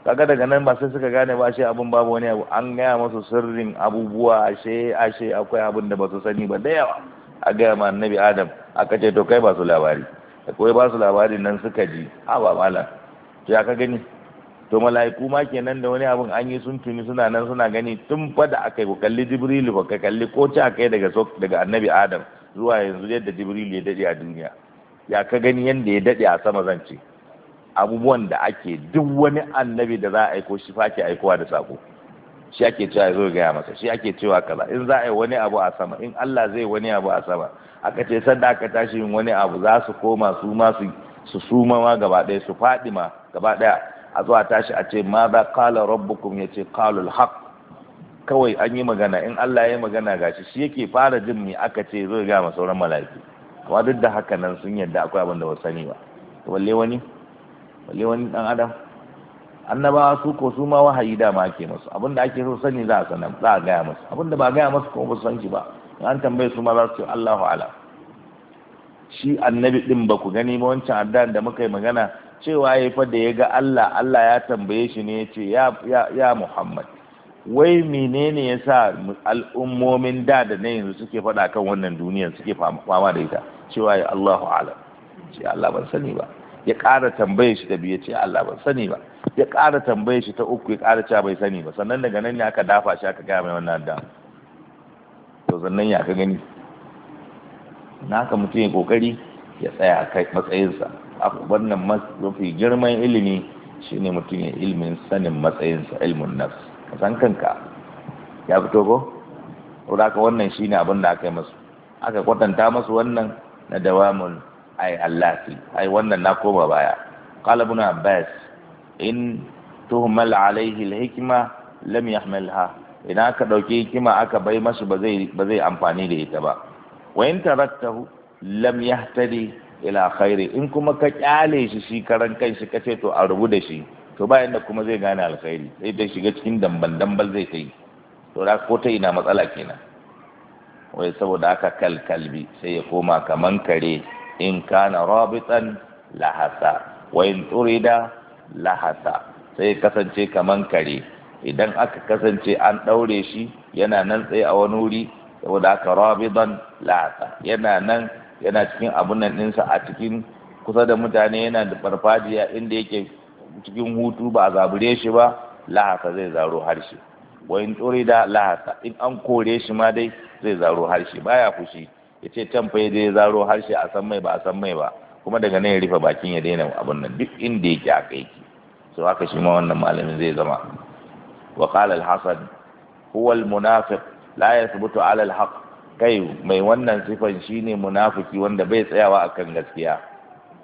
kaga daga nan ba sai suka gane ba ashe abun babu wani abu an gaya masu sirrin abubuwa ashe ashe akwai abun da ba su sani ba da yawa a gaya ma annabi adam aka ce to kai ba su labari da ba su labari nan suka ji a ba mala ya ka gani to mala'iku ma kenan da wani abin an yi sun tuni suna nan suna gani tun fa da aka yi ku kalli jibrilu ba ka kalli ko ci akai daga daga annabi adam zuwa yanzu yadda jibrilu ya dade a duniya ya ka gani yadda ya dade a sama zance abubuwan da ake duk wani annabi da za a aiko shi fa ke aikowa da sako shi ake cewa ya zo ga masa shi ake cewa kaza in za a yi wani abu a sama in Allah zai wani abu a sama aka ce sanda aka tashi yin wani abu za su koma su ma su su suma ma gaba ɗaya su faɗi ma gaba ɗaya a zuwa tashi a ce ma za kala rabbukum ya ce kalul haq kawai an yi magana in Allah ya yi magana gashi shi yake fara jin mi aka ce zai ga ma sauran mala'iku amma duk da haka nan sun yadda akwai abin da ba sani ba walle wani walle wani dan adam annabawa su ko su ma wahayi dama ake musu abin da ake so sani za a sanar za a gaya musu abin da ba gaya musu kuma ba su san shi ba in an tambaye su ma za su ce Allahu alam shi annabi din ba ku gani ba wancan addan da muka yi magana cewa ya fa da ya ga Allah Allah ya tambaye shi ne ya ce ya Muhammad wai menene ya sa al'ummomin da da na yanzu suke faɗa kan wannan duniyar suke fama da ita cewa ya Allahu alam ce Allah ban sani ba ya ƙara tambaye shi da biyu ce Allah ban sani ba ya ƙara tambaye shi ta uku ya ƙara cewa bai sani ba sannan daga nan ne aka dafa shi aka gaya mai wannan da to sannan ya ka gani na ka mutum ya kokari ya tsaya kai matsayinsa wannan mafi girman ilimi shine mutum ya ilimin sanin matsayinsa ilimin nafs ka san kanka ya fito ko wadda aka wannan shine abin da aka yi masu aka kwatanta masu wannan na dawamun ai allafi ai wannan na koma baya qala abbas in tuhmal alaihi hikima lam yahmilha Ina aka dauki hikima aka bai masu ba zai ba amfani da ita ba wa in tarattahu lam yahtadi ila khairi in kuma ka kyale shi shi karan kai shi kace to a rubu da shi to ba yanda kuma zai gane alkhairi sai dai shiga cikin damban dambal zai ta yi to da ko ta ina matsala kenan wai saboda haka kalbi-kalbi sai ya koma kaman kare in kana rabitan lahasa wa in turida lahasa sai ya kasance kaman kare idan aka kasance an daure shi yana nan tsaye a wani wuri saboda aka rabidan lahasa yana nan yana cikin abun nan ɗinsa a cikin kusa da mutane yana da farfajiya inda yake cikin hutu ba a zabure shi ba lahasa zai zaro harshe wayin tsori da lahasa in an kore shi ma dai zai zaro harshe baya fushi ya ce can fa zaro harshe a san mai ba a san mai ba kuma daga nan ya rufe bakin ya daina abun nan duk inda yake a kai so haka shi ma wannan malamin zai zama wa qala al hasad huwa al-munafiq la yathbutu ala al-haqq kai mai wannan sifan shine munafuki wanda bai tsayawa akan gaskiya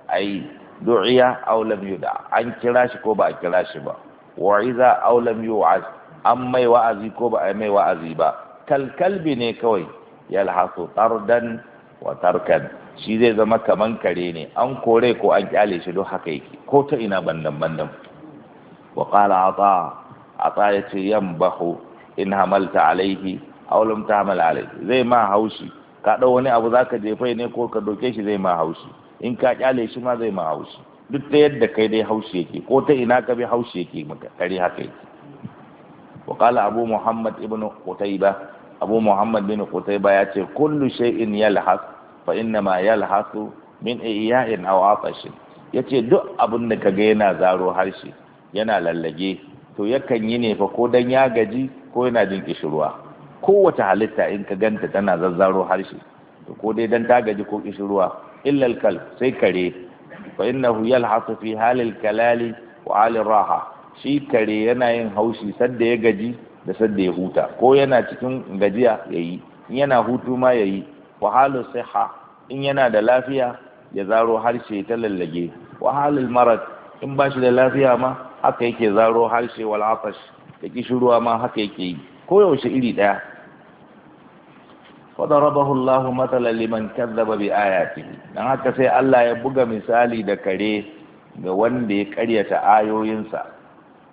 ai du'iya aw lam yuda an kira shi ko ba a kira shi ba wa'iza aw lam yu'az an mai wa'azi ko ba a mai wa'azi ba kalkalbi ne kawai yalhasu tardan wa tarkan shi zai zama kaman kare ne an kore ko an kyale shi don haka yake ko ta ina bandan bandan wa qala ata ata yace yambahu in hamalta alaihi aulum ta'mal alai zai ma haushi ka ɗau wani abu za ka jefai ne ko ka doke shi zai ma haushi in ka kyale shi ma zai ma haushi duk ta yadda kai dai haushi yake ko ta ina ka bi haushi yake maka kare haka yake wa qala abu muhammad ibn qutayba abu muhammad bin qutayba ya ce kullu shay'in yalhas fa inna ma yalhasu min iya'in aw ya yace duk abin da ka ga yana zaro harshe yana lallage to yakan yi ne fa ko dan ya gaji ko yana jin kishirwa kowace halitta in ka ganta tana zazzaro harshe to ko dai dan ta gaji ko kishirwa illal kal sai kare fa innahu yalhasu fi halil kalali wa raha shi kare yana yin haushi sadda ya gaji da sadda ya huta ko yana cikin gajiya yayi in yana hutu ma yayi wa halu siha in yana da lafiya ya zaro harshe ta lallage wa halil marad in ba shi da lafiya ma haka yake zaro harshe wal afash da kishirwa ma haka yake yi koyaushe iri ɗaya فضربه الله مثلا liman bi بآياته dan haka sai Allah ya buga misali da kare ga wanda ya karyata ayoyinsa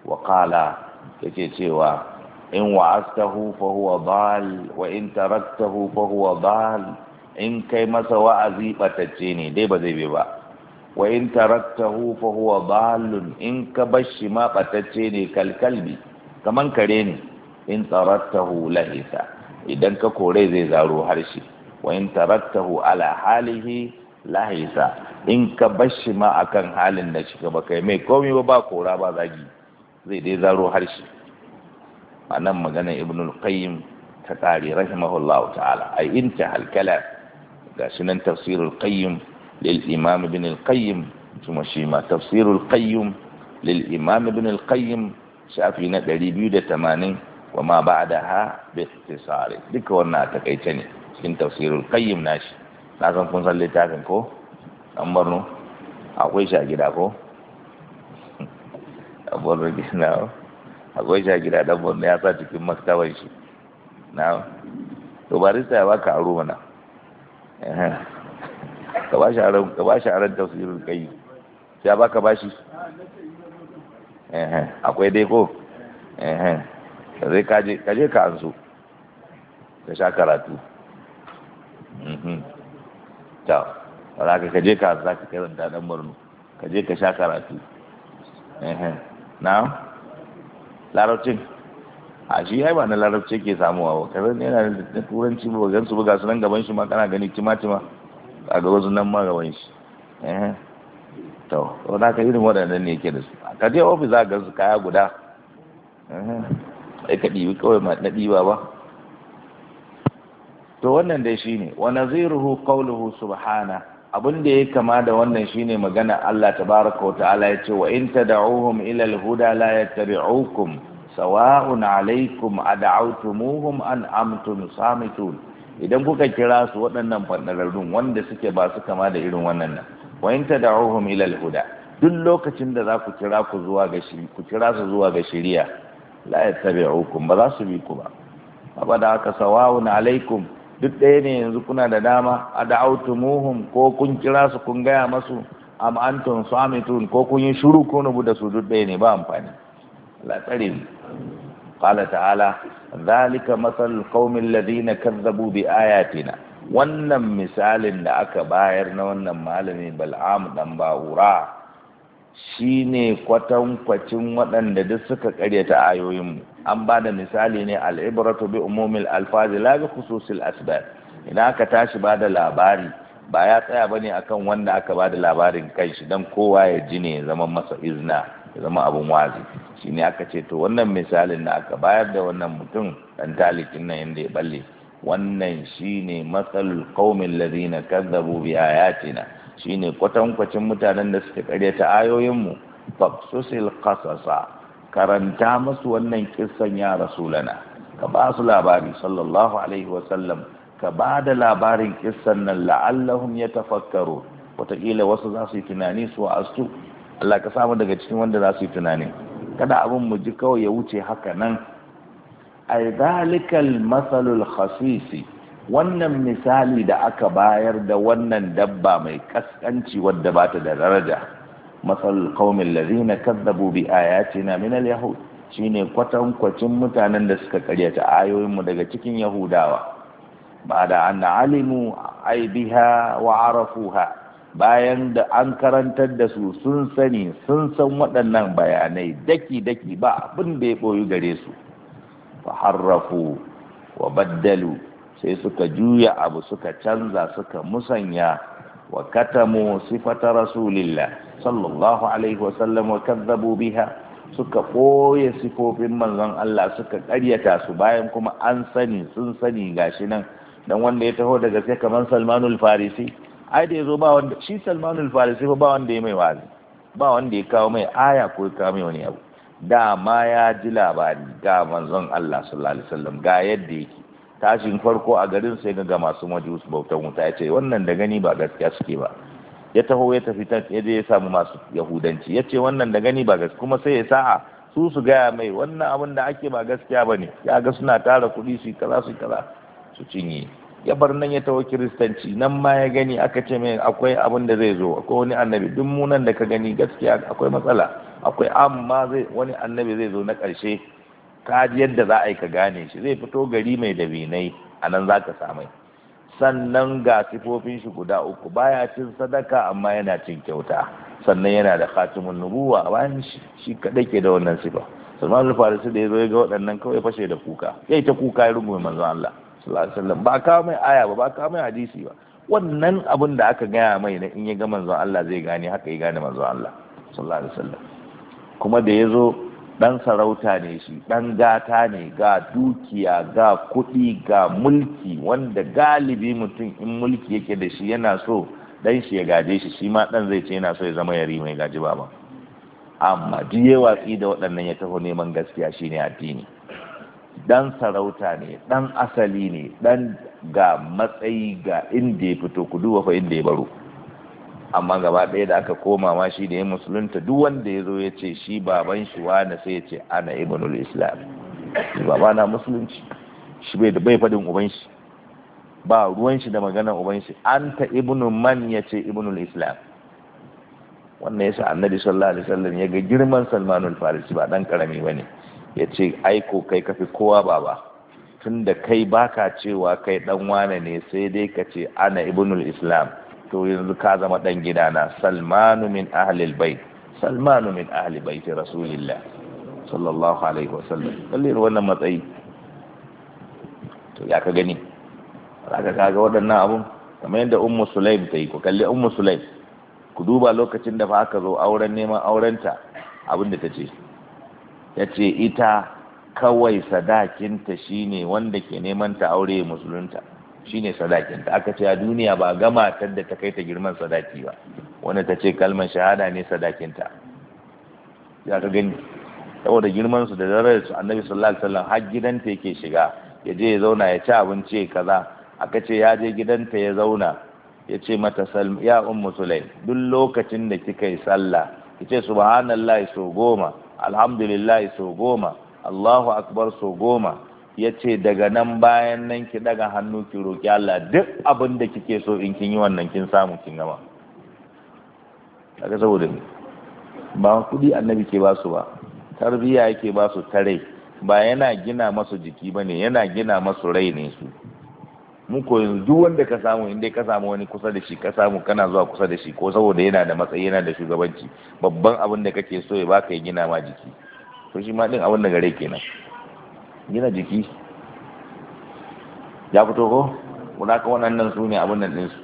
wa qala yake cewa in wa'astahu fa huwa dal wa in taraktahu fa huwa dal in kai masa wa'azi batacce ne dai ba zai bi ba wa in taraktahu fa huwa dalun in ka bashi ma batacce ne kalkalbi kaman kare ne in tarattahu lahisa idan ka kore zai zaro harshe wa in tarattahu ala halihi lahisa in ka bashi ma akan halin da shiga ba kai mai komai ba ba kora ba zagi zai dai zaro harshe anan magana ibnul qayyim ta tsari rahimahullahu ta'ala ai inta halkala gashi nan tafsirul qayyim lil imam ibn al qayyim kuma shi ma tafsirul qayyim lil imam ibn al qayyim shafi na 280 wa ma ba'daha bi ikhtisari duka wannan a takaice ne cikin tafsirul qayyim shi na san kun san littafin ko an barno akwai shi a gida ko a barno gina akwai shi a gida dan barno ya sa cikin maktaban shi na to barista ya baka aro mana ka ba shi aron ka ba shi tafsirul qayyim sai ya baka bashi akwai dai ko zai kaje kaje ka an so ka sha karatu mhm. ta wala ka kaje ka za ka karanta dan murnu kaje ka sha karatu na larabcin a shi ai ba na larabci ke samuwa ba kazan yana da turanci ba gan su buga su nan gaban shi ma kana gani kima-kima a ga wasu nan ma gaban shi to to na ka irin waɗannan ne yake da su ka je ofis za ka gan su kaya guda bai ka ɗiwi kawai ma na ɗiwa ba to wannan dai shine wa naziruhu qawluhu subhana abin da ya kama da wannan shine magana Allah tabaraka ta'ala ya ce wa in tad'uhum ila al-huda la yattabi'ukum sawa'un alaykum ad'awtumuhum an amtum samitun idan kuka kira su waɗannan fadararrun wanda suke ba su kama da irin wannan nan wa in tad'uhum ila al-huda duk lokacin da za ku kira ku zuwa ga shiri su zuwa ga shiriya? la hukum ba za su bi ku ba sa haka sawa'un alaikum duk ɗaya ne yanzu kuna da dama a muhun ko kun kira su kun gaya masu am su amitun ko kun yi shuru ko nubu da su duk ɗaya ne ba amfani la tsari mu ta'ala zalika masalul na ladina kazzabu bi ayatina wannan misalin da aka bayar na wannan malamin bal'am dan bahura shi ne kwatankwacin waɗanda duk suka ƙaryata mu an ba da misali ne al'ibratu bi umumil alfazi la bi khususil asbab idan aka tashi ba da labari ba ya tsaya ba bane akan wanda aka ba da labarin kai shi dan kowa ya ji ne zama masa izna ya zama abun wazi shine aka ce to wannan misalin da aka bayar da wannan mutum dan talikin nan yanda ya balle wannan shine matsalul qaumin ladina kazzabu bi ayatina shine kwatankwacin mutanen da suka karyata ayoyinmu faksusil kasasa karanta musu wannan kissan ya rasulana ka ba su labari sallallahu alaihi wasallam ka ba da labarin kissan nan la'allahum tafakkaru. wataƙila wasu za su yi tunani su astu Allah ka samu daga cikin wanda za su yi tunani kada abin mu ji kawai ya wuce haka nan ai zalikal masalul khasisi wannan misali da aka bayar da wannan dabba mai kaskanci wadda ba ta da daraja masal qaumin ladhina kadzabu bi ayatina min al yahud ne kwatankwacin mutanen da suka karyata ayoyinmu daga cikin yahudawa Ba da an alimu aibiha wa arafuha bayan da an karantar da su sun sani sun san waɗannan bayanai daki daki ba abin da ya boyi gare su fa harrafu wa baddalu sai suka juya abu suka canza suka musanya wa katamu sifata rasulillah sallallahu alaihi wasallam wa kadzabu biha suka ɓoye sifofin manzon Allah suka ƙaryata su bayan kuma an sani sun sani gashi nan dan wanda ya taho daga sai kamar Salmanul Farisi ai da yazo ba wanda shi Salmanul Farisi ba wanda ya mai wazi ba wanda ya kawo mai aya ko ya kawo mai wani abu dama ya ji labari ga manzon Allah sallallahu alaihi wasallam ga yadda yake tashin farko a garin sai ga masu majus bautan wuta ya ce wannan da gani ba gaskiya suke ba ya taho ya tafi ta ya ya samu masu yahudanci ya ce wannan da gani ba gaskiya kuma sai ya sa'a su su gaya mai wannan abin da ake ba gaskiya ba ne ya ga suna tara kuɗi su kaza su kaza su cinye ya bar nan ya taho kiristanci nan ma ya gani aka ce mai akwai abin da zai zo akwai wani annabi duk munan da ka gani gaskiya akwai matsala akwai amma zai wani annabi zai zo na ƙarshe ta yadda za a yi ka gane shi zai fito gari mai dabinai a nan za ka samai sannan ga sifofin shi guda uku baya cin sadaka amma yana cin kyauta sannan yana da khatimun nubuwa a bayan shi shi kaɗai ke da wannan sifa salman farisi da ya zo ya ga waɗannan kawai fashe da kuka Yai ta kuka ya rungume manzon Allah sallallahu alaihi wasallam ba kawo mai aya ba ba kawo mai hadisi ba wannan abin da aka gaya mai na in ya ga manzon Allah zai gane haka ya gane manzon Allah sallallahu alaihi kuma da ya zo Ɗan sarauta ne shi ɗan gata ne ga dukiya ga kuɗi ga mulki wanda galibi mutum in mulki yake da shi yana so dan shi ya gaje shi shi ma dan zai ce yana so ya zama yari mai gaji ba amma duk ya watsi da waɗannan ya taho neman gaskiya shine addini dan sarauta ne ɗan asali ne ɗan ga matsayi ga inda ya fito ku duba fa inda ya baro amma gaba ɗaya da aka koma ma shi da ya musulunta duk wanda ya zo ya ce shi baban shi wani sai ya ce ana ibnul islam baba na musulunci shi bai da bai fadin uban shi ba ruwan shi da maganar uban shi anta ibnu man ya ce ibnul islam wannan yasa annabi sallallahu alaihi wasallam ya ga girman salmanul farisi ba dan karami bane ya ce aiko kai kafi kowa baba tunda kai baka cewa kai dan wane ne sai dai ka ce ana ibnul islam to yanzu ka zama dan gidana salmanu min ahlil bait salmanu min ahli baiti rasulillah sallallahu alaihi wasallam kalle wannan matsayi to ya ka gani ka kaga waɗannan abun kamar yadda ummu sulaim ta yi ku kalli ummu sulaim ku duba lokacin da fa aka zo auren neman aurenta abin da ta ce ya ce ita kawai sadakinta shine wanda ke neman ta aure musulunta shine sadakin ta aka ce a duniya ba ga matar da ta kai ta girman sadaki ba wanda ta ce kalmar shahada ne sadakin ta ya ka gani saboda girman su da zarar su annabi sallallahu alaihi wasallam har gidanta yake shiga ya je ya zauna ya ci abinci kaza aka ce ya je gidanta ya zauna ya ce mata ya ummu sulaim duk lokacin da kika yi sallah ki ce subhanallahi so goma alhamdulillahi so goma allahu akbar so goma ya ce daga nan bayan nan ki daga hannu ki roƙi Allah duk abin da kike so in kin yi wannan kin samu kin gama daga saboda ne ba kuɗi annabi ke basu ba tarbiyya yake basu tare ba yana gina masu jiki ba ne yana gina masu rai ne su mu ko duk wanda ka samu inda ka samu wani kusa da shi ka samu kana zuwa kusa da shi ko saboda yana da matsayi yana da shugabanci babban abin da kake so ya baka ya gina ma jiki to shi ma din abin da gare kenan gina jiki ya fito ko ka waɗannan su ne abin nan ɗinsu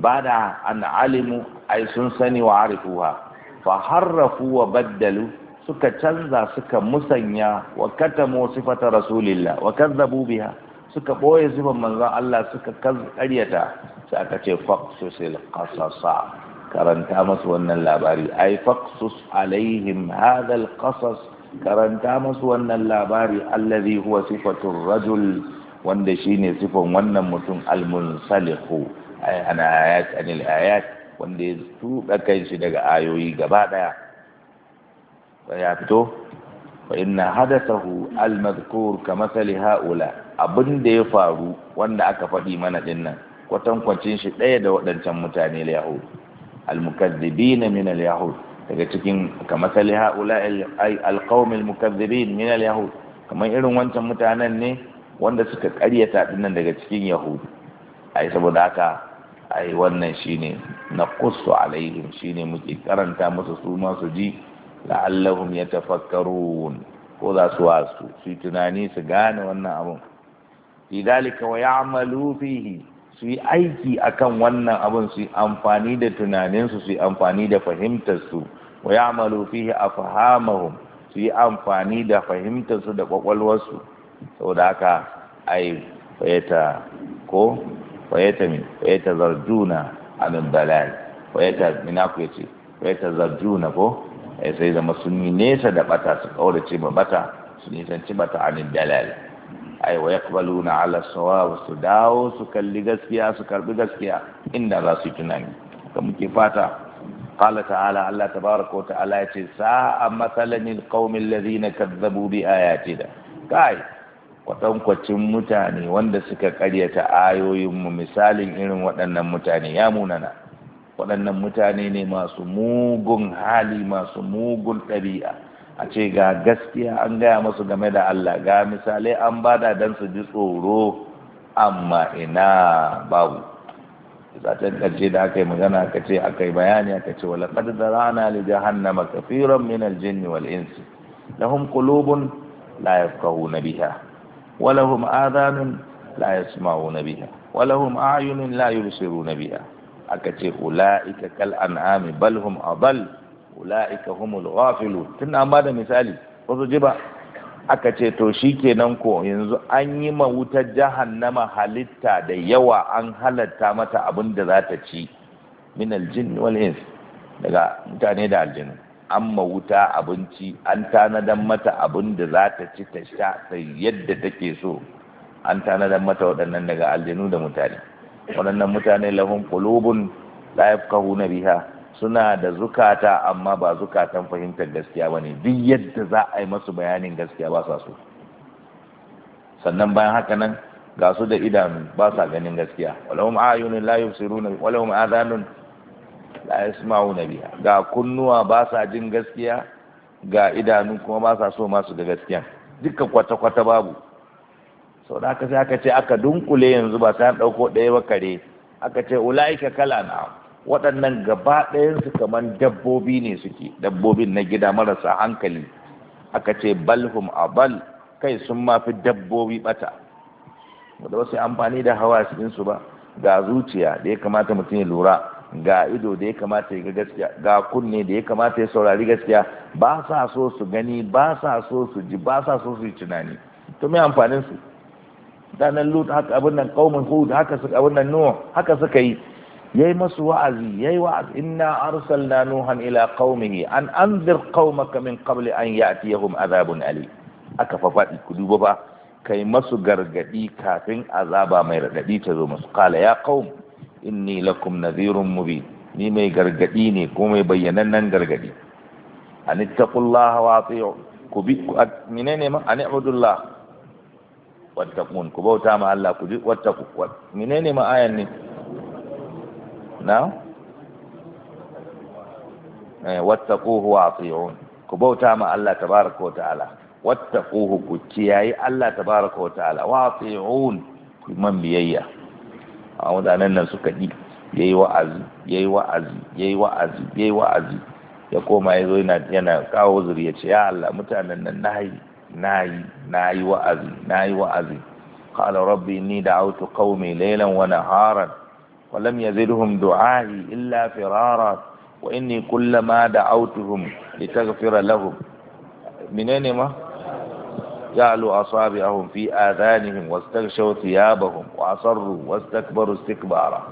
ba da an alimu ai sun sani wa arifuwa fa harrafu wa baddalu suka canza suka musanya wa katamo sifata rasulillah wa kazzabu biha suka boye sifan manzon Allah suka karyata sai aka ce faqsusil qasasa karanta masu wannan labari ai faqsus alaihim hadha alqasas karanta masu wannan labari allazi huwa Sifatun rajul wanda shine sifan wannan mutum almunsalihu an ayat anil ayat wanda ya tuka kanshi daga ayoyi gaba daya ya fito fa inna hadathahu ka kamathali haula abin ya faru wanda aka faɗi mana dinnan kwatankwacin shi ɗaya da waɗancan mutane al-yahud al-mukazzibina min al-yahud daga cikin kamar sali ha'ula alƙawmin mukazzibin min al-yahud kamar irin wancan mutanen ne wanda suka ƙaryata dinnan daga cikin yahudu ai saboda haka ai wannan shine na qussu alaihim shine muke karanta musu su ma su ji la'allahum yatafakkarun ko za su wasu su tunani su gane wannan abun lidhalika wa ya'malu fihi su yi aiki akan wannan abin su yi amfani da tunaninsu su yi amfani da fahimtarsu wa ya amalu fihi afhamahum su yi amfani da fahimtarsu da kwakwalwarsu saboda haka ai fayata ko fayata min fayata zarjuna min dalal fayata mina ya ce fayata zarjuna ko eh, sai zama sun yi nesa da bata su ce ba bata su nisanci bata min dalal ai wa yaqbaluna ala sawab su dawo su kalli gaskiya su karbi gaskiya inda za su tunani ka muke fata qala ta'ala Allah tabaraka wa ta'ala ya ce sa'a masalan alqawmi alladhina kadzabu bi ayatina kai kwatankwacin mutane wanda suka karyata ayoyinmu misalin irin waɗannan mutane ya munana waɗannan mutane ne masu mugun hali masu mugun ɗabi'a a ce ga gaskiya an gaya masu game da Allah ga misalai an bada don su ji tsoro amma ina babu zaten karshe da aka yi magana aka ce aka yi bayani aka ce wala qad zara'na li jahannama kafiran min al-jinni wal insi lahum qulubun la yafqahuna biha wa lahum adhanun la yasma'una biha wa lahum a'yunun la yubsiruna biha aka ce ulaika kal an'ami bal hum adall ula'ika humul ghafilu tun an ba da misali ba su aka ce to shi kenan ko yanzu an yi ma wutar jahannama halitta da yawa an halatta mata abin da za ta ci min aljin wal ins daga mutane da aljinu an ma wuta abinci an tanadan mata abin da za ta ci ta sha sai yadda take so an tanadan mata waɗannan daga aljinu da mutane waɗannan mutane lahun qulubun la yafqahuna biha suna da zukata amma ba zukatan fahimtar gaskiya ba ne duk yadda za a yi masu bayanin gaskiya ba sa so sannan bayan haka nan ga su da idanu ba sa ganin gaskiya walahum ayunun la yubsiruna walahum adhanun la na biya ga kunnuwa ba sa jin gaskiya ga idanu kuma ba sa so masu da gaskiya dukkan kwata-kwata babu sau da aka sai aka ce aka dunkule yanzu ba ta ɗauko ɗaya ba kare aka ce ula'ika kala na'am waɗannan gaba ɗayansu kamar dabbobi ne suke dabbobin na gida marasa hankali aka ce balhum bal kai sun mafi dabbobi ɓata da wasu amfani da hawa su ba ga zuciya da ya kamata mutum ya lura ga ido da ya kamata ya ga gaskiya ga kunne da ya kamata ya saurari gaskiya ba sa so su gani ba sa so su ji ba sa so su yi tunani to me amfanin su danan lut haka abin nan qaumun hud haka suka abin nan nuh haka suka yi yayi masu wa'azi yayi wa'azi ina arsal na nuhan ila qaumihi an anzir kauma kamin kabli an ya'tiyahum azabun ali aka fa ku duba ba kai masu gargadi kafin azaba mai radadi ta zo masu qala ya qaum inni lakum nadhirun mubin ni mai gargadi ne ko mai bayyanannen gargadi an ittaqullaha wa ati'u ku bi minene ma an ibudullah wattaqun ku bauta ma Allah ku ji wattaku minene ma ayan ne na wattaquhu wa ati'un ku bauta ma Allah tabaaraka wa ta'ala wattaquhu ku kiyaye Allah tabaaraka wa ta'ala wa ati'un ku man biyayya a wadannan nan suka yi yayi wa'azi yayi wa'azi yayi wa'azi yayi wa'azi ya koma ya yana yana kawo zuriya ce ya Allah mutanen nan nayi nayi nayi wa'azi nayi wa'azi qala rabbi inni da'awtu qaumi laylan wa naharan ولم يزدهم دعائي إلا فرارا وإني كلما دعوتهم لتغفر لهم منين ما جعلوا أصابعهم في آذانهم واستغشوا ثيابهم وأصروا واستكبروا استكبارا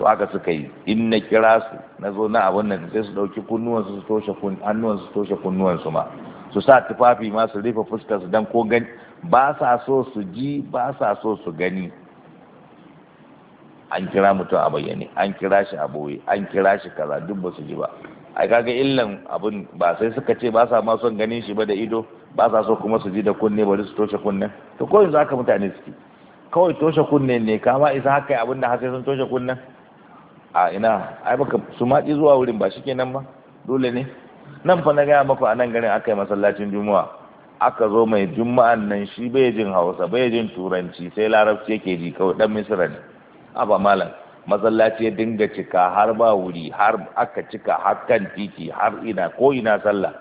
to aka suka yi in na kira su na zo na abin nan sai su ɗauki kunnuwansu su hannuwansu su toshe kunnuwansu ma su sa tufafi ma su rufe fuskar dan ko gani ba sa so su ji ba sa so su gani an kira mutum a bayyane an kira shi a boye an kira shi kaza duk ba su ji ba ai kaga illan abun ba sai suka ce ba sa ma son ganin shi ba da ido ba sa so kuma su ji da kunne bari su toshe kunne to ko yanzu haka mutane suke kawai toshe kunne ne kama isa haka abin da sai sun toshe kunne a ina ai baka su maɗi zuwa wurin ba shikenan ba dole ne nan fa na gaya maku a nan garin aka yi masallacin juma'a aka zo mai juma'an nan shi bai jin hausa bai jin turanci sai larabci yake ji kawai dan misira ne aba malam masallaci ya dinga cika har ba wuri har aka cika har kan titi har ina ko ina sallah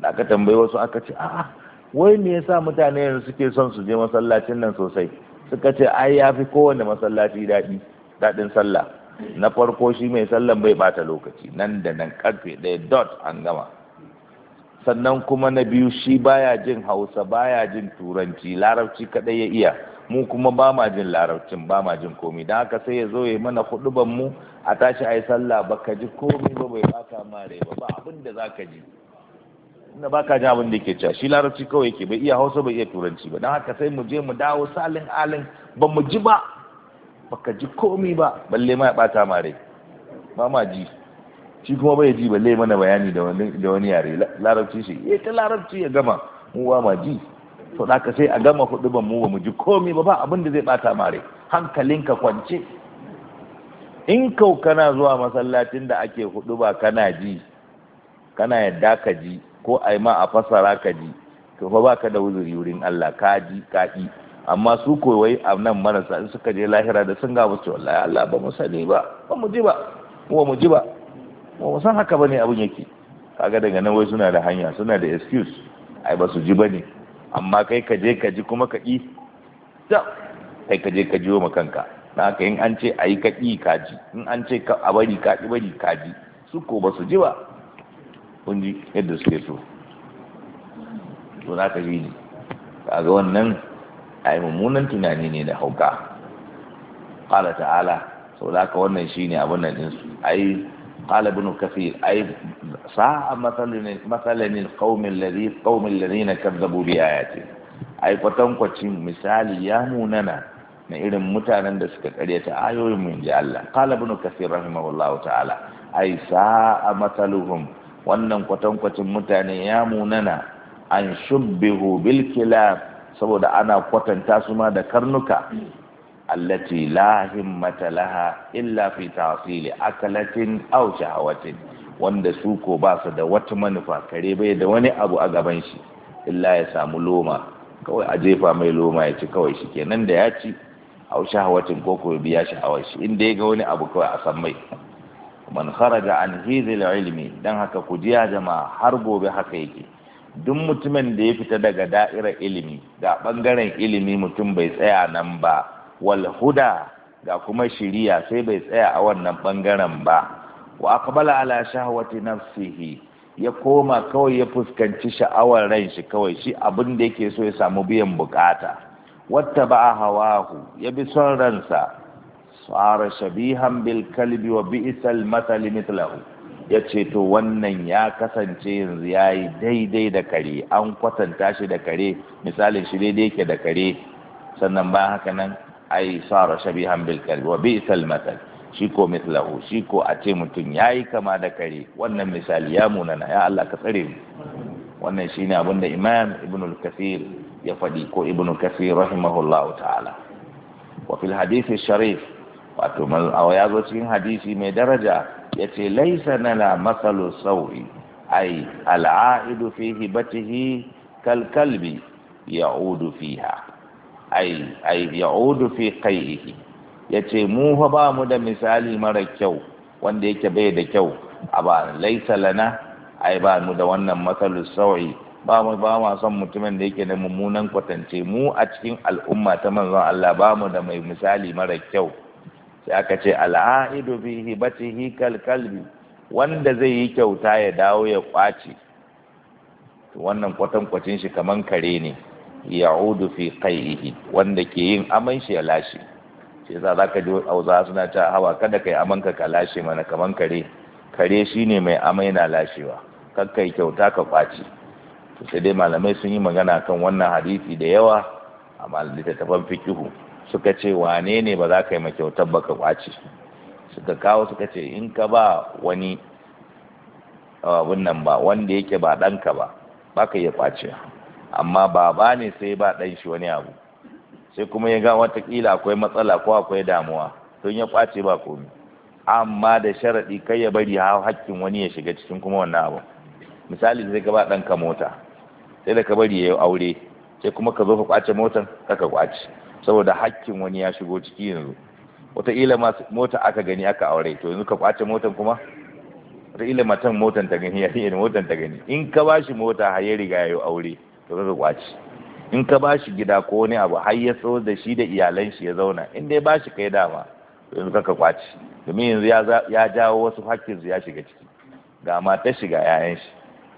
da aka tambayi wasu aka ce a'a wai me yasa mutane yanzu suke son su je masallacin nan sosai suka ce ai ya fi kowane masallaci daɗi daɗin sallah na farko shi mai sallan bai bata lokaci nan da nan karfe ɗaya dot an gama sannan kuma na biyu shi baya jin hausa baya jin turanci larabci kaɗai ya iya mu kuma ba ma jin larabcin ba ma jin komi don haka sai ya zo ya mana huduban mu a tashi a yi sallah ba ka ji komi ba bai baka ma rai ba ba abin da za ka ji inda ba ka ji abin da ke cewa shi larabci kawai yake bai iya hausa bai iya turanci ba don haka sai mu je mu dawo salin alin ba mu ji ba ba ka ji komi ba balle ma ya bata ma rai ba ma ji shi kuma bai ji balle mana bayani da wani yare larabci shi ya ta larabci ya gama mu ba ma ji to da ka sai a gama hudu ban mu ba mu ji komai ba ba abin da zai bata mare hankalinka kwance in kau kana zuwa masallacin da ake hudu ba kana ji kana yadda ka ji ko a ma a fasara ka ji to fa ka da wuzuri wurin Allah ka ji ka ki amma su koyi a nan marasa in suka je lahira da sun ga su wallahi Allah ba mu sani ba ba mu ji ba ba mu ji ba ba san haka bane abun yake kaga daga nan wai suna da hanya suna da excuse ai ba su ji bane amma kai ka je ka ji kuma ka ƙi da kai ka je ka jiwo ma kanka na haka in an ce a yi ka ƙi ka ji in an ce a bari ka ƙi bari ka ji su ko ba su ji ba kun ji yadda suke so to na ka ji kaga wannan a yi mummunan tunani ne da hauka ƙala ta'ala sau da haka wannan shine abin nan ɗinsu a yi قال ابن كثير أي ساء مثلا مثلا القوم الذي قوم الذين كذبوا بآياتنا أي فتنقتهم مثال يا موننا na irin mutanen da suka karyata ayoyin mun ji Allah qala ibn kathir rahimahullahu ta'ala ai sa'a wannan kwatankwacin mutane ya munana an shubbihu bilkila saboda ana kwatanta su ma da karnuka allati la himmata laha illa fi tahsili akalatin aw shahawatin wanda su ko ba su da wata manufa kare bai da wani abu a gaban shi illa ya samu loma kawai a jefa mai loma ya ci kawai shi kenan da ya ci aw shahawatin ko ko biya shahawar shi inda ya ga wani abu kawai a san mai man kharaja an hizil ilmi dan haka ku jiya jama'a har gobe haka yake duk mutumin da ya fita daga da'irar ilimi ga bangaren ilimi mutum bai tsaya nan ba Walhuda, ga kuma shiriya sai bai tsaya a wannan bangaren ba wa aqbala ala shahwati nafsihi ya koma kawai ya fuskanci sha'awar ran shi kawai shi abin da yake so ya samu biyan bukata wata ba hawahu ya bi son ransa tsara shabihan bil kalbi wa bi'sal mathali mithlahu ya ce to wannan ya kasance yanzu ya yi daidai da kare an kwatanta shi da kare misalin shi daidai yake da kare sannan ba haka nan ai sara shabihan bil wa bi'sal mathal shi ko mithlahu shi ko a ce mutum yayi kama da kare wannan misali ya na, ya Allah ka tsare mu wannan shine abin da Imam Ibn al-Kathir ya faɗi ko Ibn Kathir rahimahullahu ta'ala wa fil hadith sharif wato ya zo cikin hadisi mai daraja yace laisa nana masalu sauri ai al'aidu fi hibatihi kalkalbi ya'udu fiha ai ai ya'udu fi qaihi yace mu fa ba mu da misali mara kyau wanda yake bai da kyau a ba laisa lana ai ba mu da wannan matsalar sau'i ba mu ba ma son mutumin da yake da mummunan kwatance mu a cikin al'umma ta manzon Allah ba mu da mai misali mara kyau sai aka ce al'aidu bi hibatihi kal kalbi wanda zai yi kyauta ya dawo ya kwace wannan kwatankwacin shi kaman kare ne ya'udu fi qaihi wanda ke yin aman shi ya lashe shi yasa zaka ji auza suna ta hawa kada yi aman ka lashe mana kaman kare kare shine mai amai na lashewa kakkai kyauta ka kwaci to sai dai malamai sun yi magana kan wannan hadisi da yawa a littattafan fikihu suka ce wane ne ba za ka yi makyautar ba ka kwaci suka kawo suka ce in ka ba wani abin nan ba wanda yake ba ɗanka ba ba ka iya kwaciya amma baba ne sai ba ɗan shi wani abu sai kuma ya ga watakila akwai matsala ko akwai damuwa don ya kwace ba komi amma da sharaɗi kai ya bari ha hakkin wani ya shiga cikin kuma wannan abu misali sai ka ba ɗanka mota sai da ka bari ya yi aure sai kuma ka zo ka kwace motan ka ka kwace saboda hakkin wani ya shigo ciki yanzu wataƙila ma mota aka gani aka aure to yanzu ka kwace motan kuma wataƙila matan motan ta gani ya motan ta gani in ka ba shi mota har ya riga ya yi aure to kaga kwaci in ka ba shi gida ko wani abu har ya so da shi da iyalan shi ya zauna in dai ba shi kai dama yanzu ka kwaci domin yanzu ya jawo wasu hakkin ya shiga ciki ga ta shiga yayan shi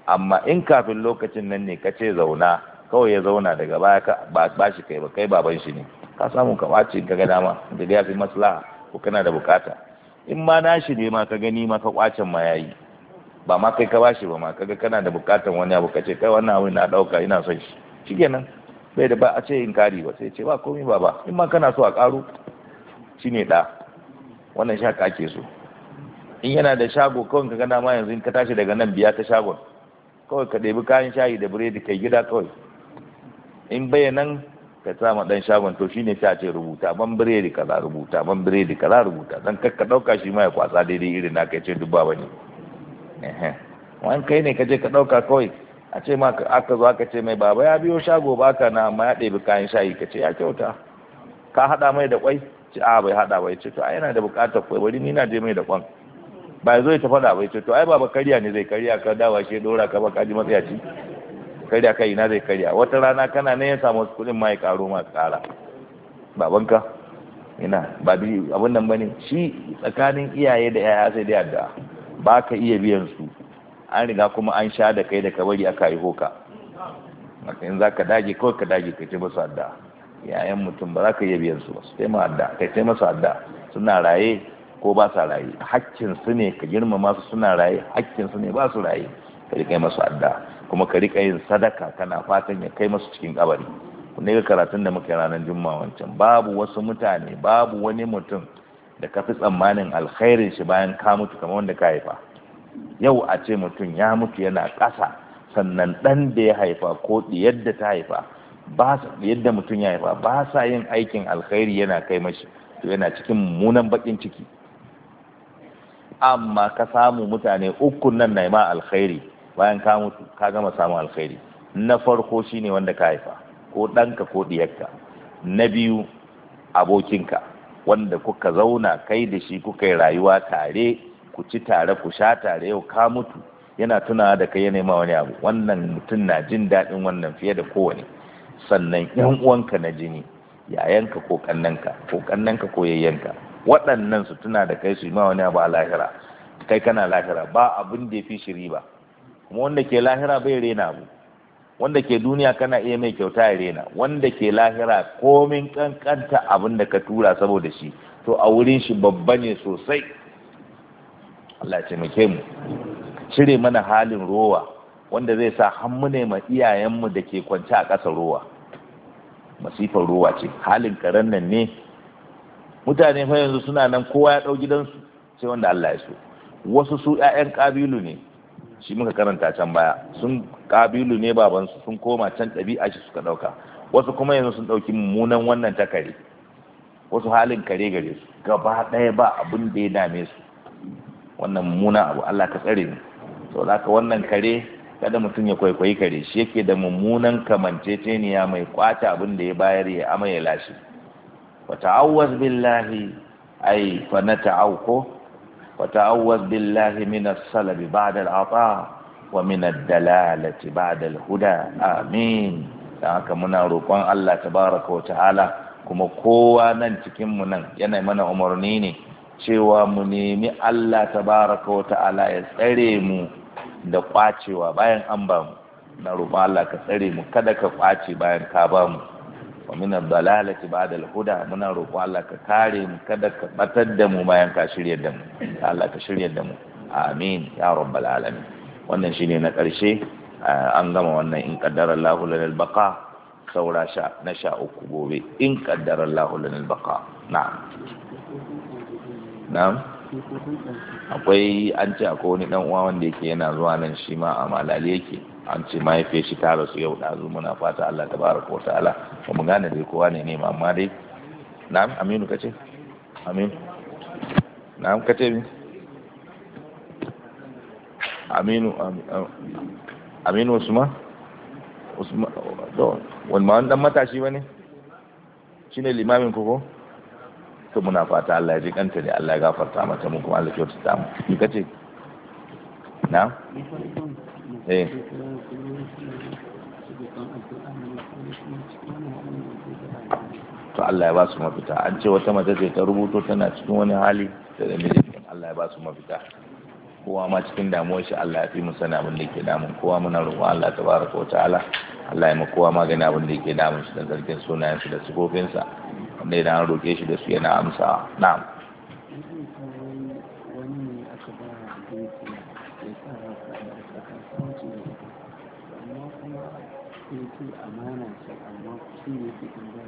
amma in kafin lokacin nan ne ka ce zauna kawai ya zauna daga baya ba ba shi kai ba kai baban shi ne ka samu ka kwaci ka ga dama da ya fi maslaha ko kana da bukata in ma na shi ne ma ka gani ma ka kwacen ma yayi ba ma kai ka bashi ba ma kaga kana da bukatan wani abu kace kai wannan abu na dauka ina son shi shikenan bai da ba a ce in kari ba sai ce ba komai ba ba in ma kana so a karo shine da wannan shaka ake so in yana da shago kawai ka gana ma yanzu in ka tashi daga nan biya ta shagon kawai ka ɗebi kayan shayi da biredi kai gida kawai in bayanan ka ma dan shagon to shine sai a ce rubuta ban biredi kaza rubuta ban biredi kaza rubuta dan kakka dauka shi ma ya kwasa daidai irin na kai ce dubba bane wani kai ne ka je ka ɗauka kawai a ce ma aka zo aka ce mai baba ya biyo shago ba ka na ma ya ɗebi kayan shayi ka ce ya kyauta ka haɗa mai da kwai ce a bai haɗa bai ce to ai yana da buƙatar kwai bari ni na je mai da kwan ba zo ta faɗa bai ce to ai baba karya ne zai karya ka dawa shi ɗora ka ba ka ji matsayaci karya kai na zai karya wata rana kana ne ya samu kuɗin ma ya ƙaro ma ƙara babanka ina ba bi abin nan bane shi tsakanin iyaye da yaya sai dai addu'a ba ka iya biyan su an riga kuma an sha da kai da ka bari aka haihu ka maka in za ka dage kawai ka dage ka ce masu adda yayan mutum ba za ka iya biyan su ba su taimaka adda ka ce masu adda suna raye ko ba sa raye hakkin su ne ka girmama su suna raye hakkin su ne ba su raye ka riƙa masu adda kuma ka riƙa yin sadaka kana fatan ya kai masu cikin kabari ne ga karatun da muka ranar juma'a wancan babu wasu mutane babu wani mutum da ka fi tsammanin alkhairin shi bayan ka mutu kamar wanda ka haifa yau a ce mutum ya mutu yana ƙasa sannan ɗan da ya haifa ko yadda ta haifa yadda mutum ya haifa ba sa yin aikin alkhairi yana kai mashi to yana cikin mummunan bakin ciki amma ka samu mutane uku nan na ma alkhairi bayan ka mutu ka gama samun alkhairi na farko shine wanda ka haifa ko ɗanka ko ɗiyarka na biyu abokinka wanda kuka zauna kai da shi kuka yi rayuwa tare ku ci tare ku sha tare yau ka mutu yana tunawa da kai ya nema wani abu wannan mutum na jin daɗin wannan fiye da kowane sannan yan uwanka na jini yayanka ko kannanka ko kannanka ko yayyanka waɗannan su tuna da kai su yi ma wani abu a lahira kai kana lahira ba abin da ya fi shiri ba kuma wanda ke lahira bai rena abu wanda ke duniya kana iya mai kyauta ya rena wanda ke lahira komin kankanta abin da ka tura saboda shi to a wurin shi babba ne sosai Allah ce muke mu cire mana halin rowa wanda zai sa hannu ne ma iyayenmu da ke kwance a ƙasa rowa masifar rowa ce halin karen nan ne mutane fa yanzu suna nan kowa ya ɗau gidansu sai wanda Allah ya so wasu su ƴaƴan ƙabilu ne shi muka karanta can baya sun kabilu ne babansu sun koma can ɗabi'a shi suka ɗauka wasu kuma yanzu sun ɗauki mummunan wannan ta kare wasu halin kare gare su gaba ɗaya ba abin da ya dame su wannan mummunan abu Allah ka tsare ni sau da wannan kare kada mutum ya kwaikwayi kare shi yake da mummunan kamanceceniya mai kwata abin da ya bayar ya amma ya lashe wa ta'awwaz billahi ai fa na ta'auko وتعوذ بالله من السلب بعد العطاء ومن الدلالة بعد الهدى آمين haka muna roƙon Allah tabaraka wa ta'ala kuma kowa nan cikin mu nan yana mana umarni ne cewa mu nemi Allah tabaraka wa ta'ala ya tsare mu da kwacewa bayan an ba na roƙon Allah ka tsare mu kada ka kwace bayan ka bamu. wa min dalalati ba'da al-huda muna roƙo Allah ka kare mu kada ka batar da mu bayan ka shirya da mu Allah ka shirya da mu amin ya rabbal alamin wannan shine na ƙarshe an gama wannan in qaddara Allahu lana al-baqa saura sha na sha uku gobe in qaddara Allahu lana al-baqa na'am na'am akwai an ce akwai wani dan uwa wanda yake yana zuwa nan shi ma a malali yake an ce mahaifiyar shi ta rasu yau ɗazu muna fata Allah ta bara ko ta ala ba mu gane dai kowa ne nema amma dai na aminu kace aminu na'am kace mi aminu aminu usman usman to wani ma dan matashi bane shine limamin koko to muna fata Allah ya ji kanta da Allah ya gafarta mata mu kuma Allah ya kyautata mu kace na eh to Allah ya ba su mafita an ce wata mace ce ta rubuto tana cikin wani hali da da mijin Allah ya ba su mafita kowa ma cikin damuwar shi Allah ya fi mu sani abin da yake damun kowa muna roƙon Allah tabaraka wa ta'ala Allah ya ma kowa magani abin da yake damun shi da zargin sunayen shi da sukofin sa wanda idan an roƙe shi da su yana amsa na'am amana ce amma shi ne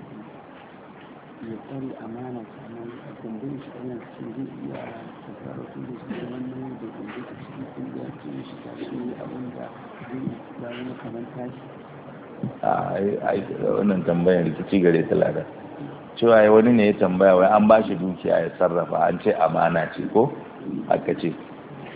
ya tsare amana sannan kundin shi ana cikin zai iya tattara kundin shi da wannan da kundin shi cikin kundin shi shi ta shi abin da zai ya zama kamar tashi a wannan tambayar rikici gare ta lada cewa wani ne ya tambaya wai an bashi dukiya ya sarrafa an ce amana ce ko Haka ce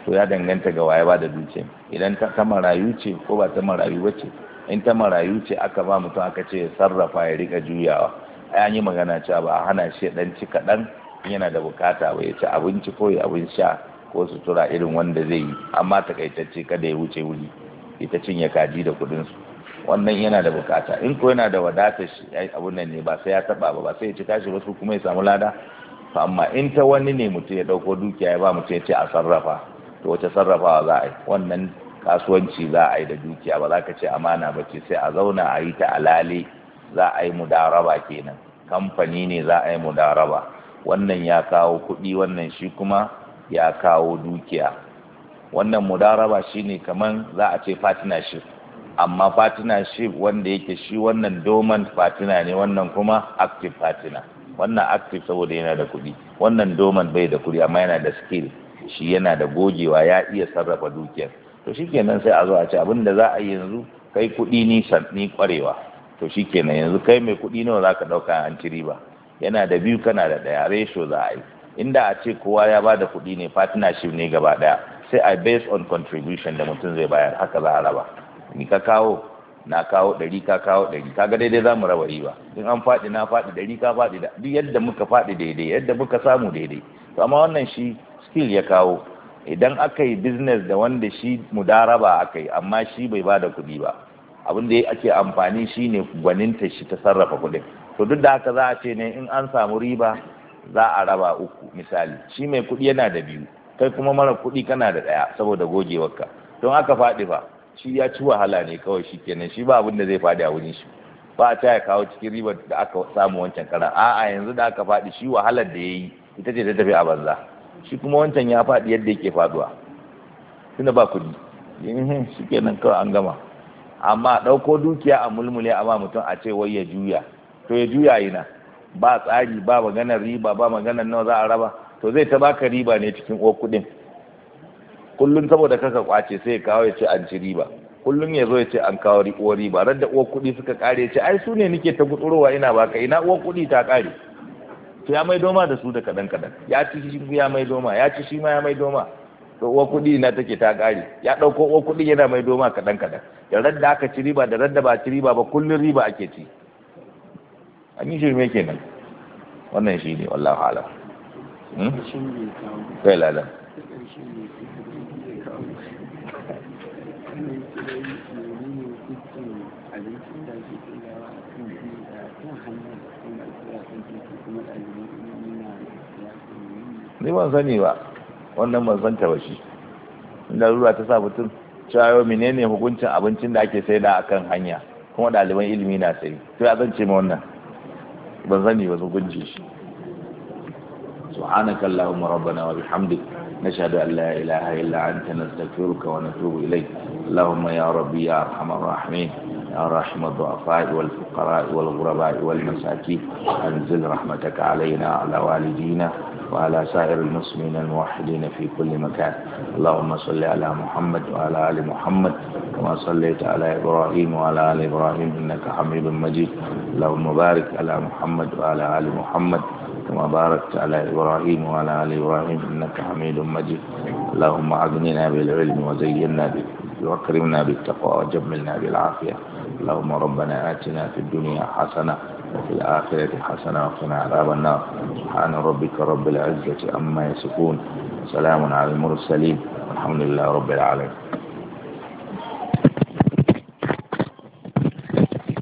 to ya danganta ga waye ba da dukiya idan ta marayu ce ko ba ta marayu ba ce in ta marayu ce aka ba mutum aka ce ya sarrafa ya rika juyawa an yi magana cewa ba a hana shi dan ci kaɗan yana da bukata ba ya ci abinci ko ya abin sha ko sutura irin wanda zai yi amma takaitacce kada ya wuce wuri ita cinye kaji da kuɗinsu wannan yana da bukata in ko yana da wadatar shi abun nan ne ba sai ya taba ba ba sai ya ci kashi ba su kuma ya samu lada to amma in ta wani ne mutum ya ɗauko dukiya ya ba mutum ya ce a sarrafa to wace sarrafawa za a yi wannan kasuwanci za a yi da dukiya ba za ka ce amana ba ce sai a zauna a yi ta alale za a yi mu mudaraba kenan kamfani ne za a yi mudaraba wannan ya kawo kuɗi wannan shi kuma ya kawo dukiya wannan mudaraba shi ne kaman za a ce partnership amma partnership wanda yake shi wannan dormant partner ne wannan kuma active partner wannan active saboda yana da kuɗi wannan dormant bai da kuɗi amma yana da skill shi yana da gogewa ya iya sarrafa dukiyar to shi kenan sai a zo a ce abin da za a yi yanzu kai kuɗi ni ni kwarewa to shi kenan yanzu kai mai kuɗi nawa za ka ɗauka an ci riba yana da biyu kana da ɗaya ratio za a yi inda a ce kowa ya ba da kuɗi ne partnership ne gaba ɗaya sai a based on contribution da mutum zai bayar haka za a raba ni ka kawo na kawo ɗari ka kawo ɗari ka ga daidai za mu raba riba in an faɗi na faɗi ɗari ka faɗi da duk yadda muka faɗi daidai yadda muka samu daidai to amma wannan shi skill ya kawo idan aka yi business da wanda shi mu mudaraba aka yi amma shi bai ba da kuɗi ba abin da ake amfani shine gwaninta shi ta sarrafa kudin to duk da haka za a ce ne in an samu riba za a raba uku misali shi mai kuɗi yana da biyu kai kuma mara kuɗi kana da ɗaya saboda gogewarka don aka faɗi fa shi ya ci wahala ne kawai shi kenan shi ba abin da zai faɗi a wurin shi ba a ta ya kawo cikin ribar da aka samu wancan karan a'a yanzu da aka faɗi shi wahalar da ya yi ita ce ta tafi a banza shi kuma wancan ya faɗi yadda yake faɗuwa tunda ba kuɗi shi kenan kawai an gama amma ɗauko dukiya a mulmule amma mutum a ce wai ya juya to ya juya yana ba tsari ba maganar riba ba maganar nawa za a raba to zai ta baka riba ne cikin o kuɗin kullum saboda kaka kwace sai ya kawo ya ce an ci riba kullum ya zo ya ce an kawo uwar riba ran da uwar kuɗi suka kare ya ce ai su ne nake ta gutsurowa ina baka ina uwar kuɗi ta kare to ya mai doma da su da kaɗan kaɗan ya ci shi ya mai doma ya ci shi ma ya mai doma to uwar kuɗi na take ta kare ya ɗauko uwar kuɗi yana mai doma kaɗan kaɗan da radda aka ci riba da radda ba ci riba ba kullun riba ake ci an yi shirme kenan wannan shi ne wallahu ala hmm? kai lada ni ban sani ba wannan ban santa ba shi inda rura ta sa mutum cewa yau menene hukuncin abincin da ake saida a kan hanya kuma ɗaliban ilimi na sayi to ya zan ce ma wannan ban sani ba su gunji shi سبحانك اللهم ربنا وبحمدك نشهد أن لا إله إلا أنت نستغفرك ونتوب إليك اللهم يا ربي يا أرحم الراحمين يا رحم الضعفاء والفقراء والغرباء والمساكين أنزل رحمتك علينا على والدينا وعلى سائر المسلمين الموحدين في كل مكان اللهم صل على محمد وعلى آل محمد كما صليت على إبراهيم وعلى آل إبراهيم إنك حميد مجيد اللهم بارك على محمد وعلى آل محمد كما باركت على إبراهيم وعلى آل إبراهيم إنك حميد مجيد اللهم أغننا بالعلم وزينا به وأكرمنا بالتقوى وجملنا بالعافية اللهم ربنا آتنا في الدنيا حسنة وفي الآخرة حسنة وقنا عذاب النار سبحان ربك رب العزة أما يسكون سلام على المرسلين والحمد لله رب العالمين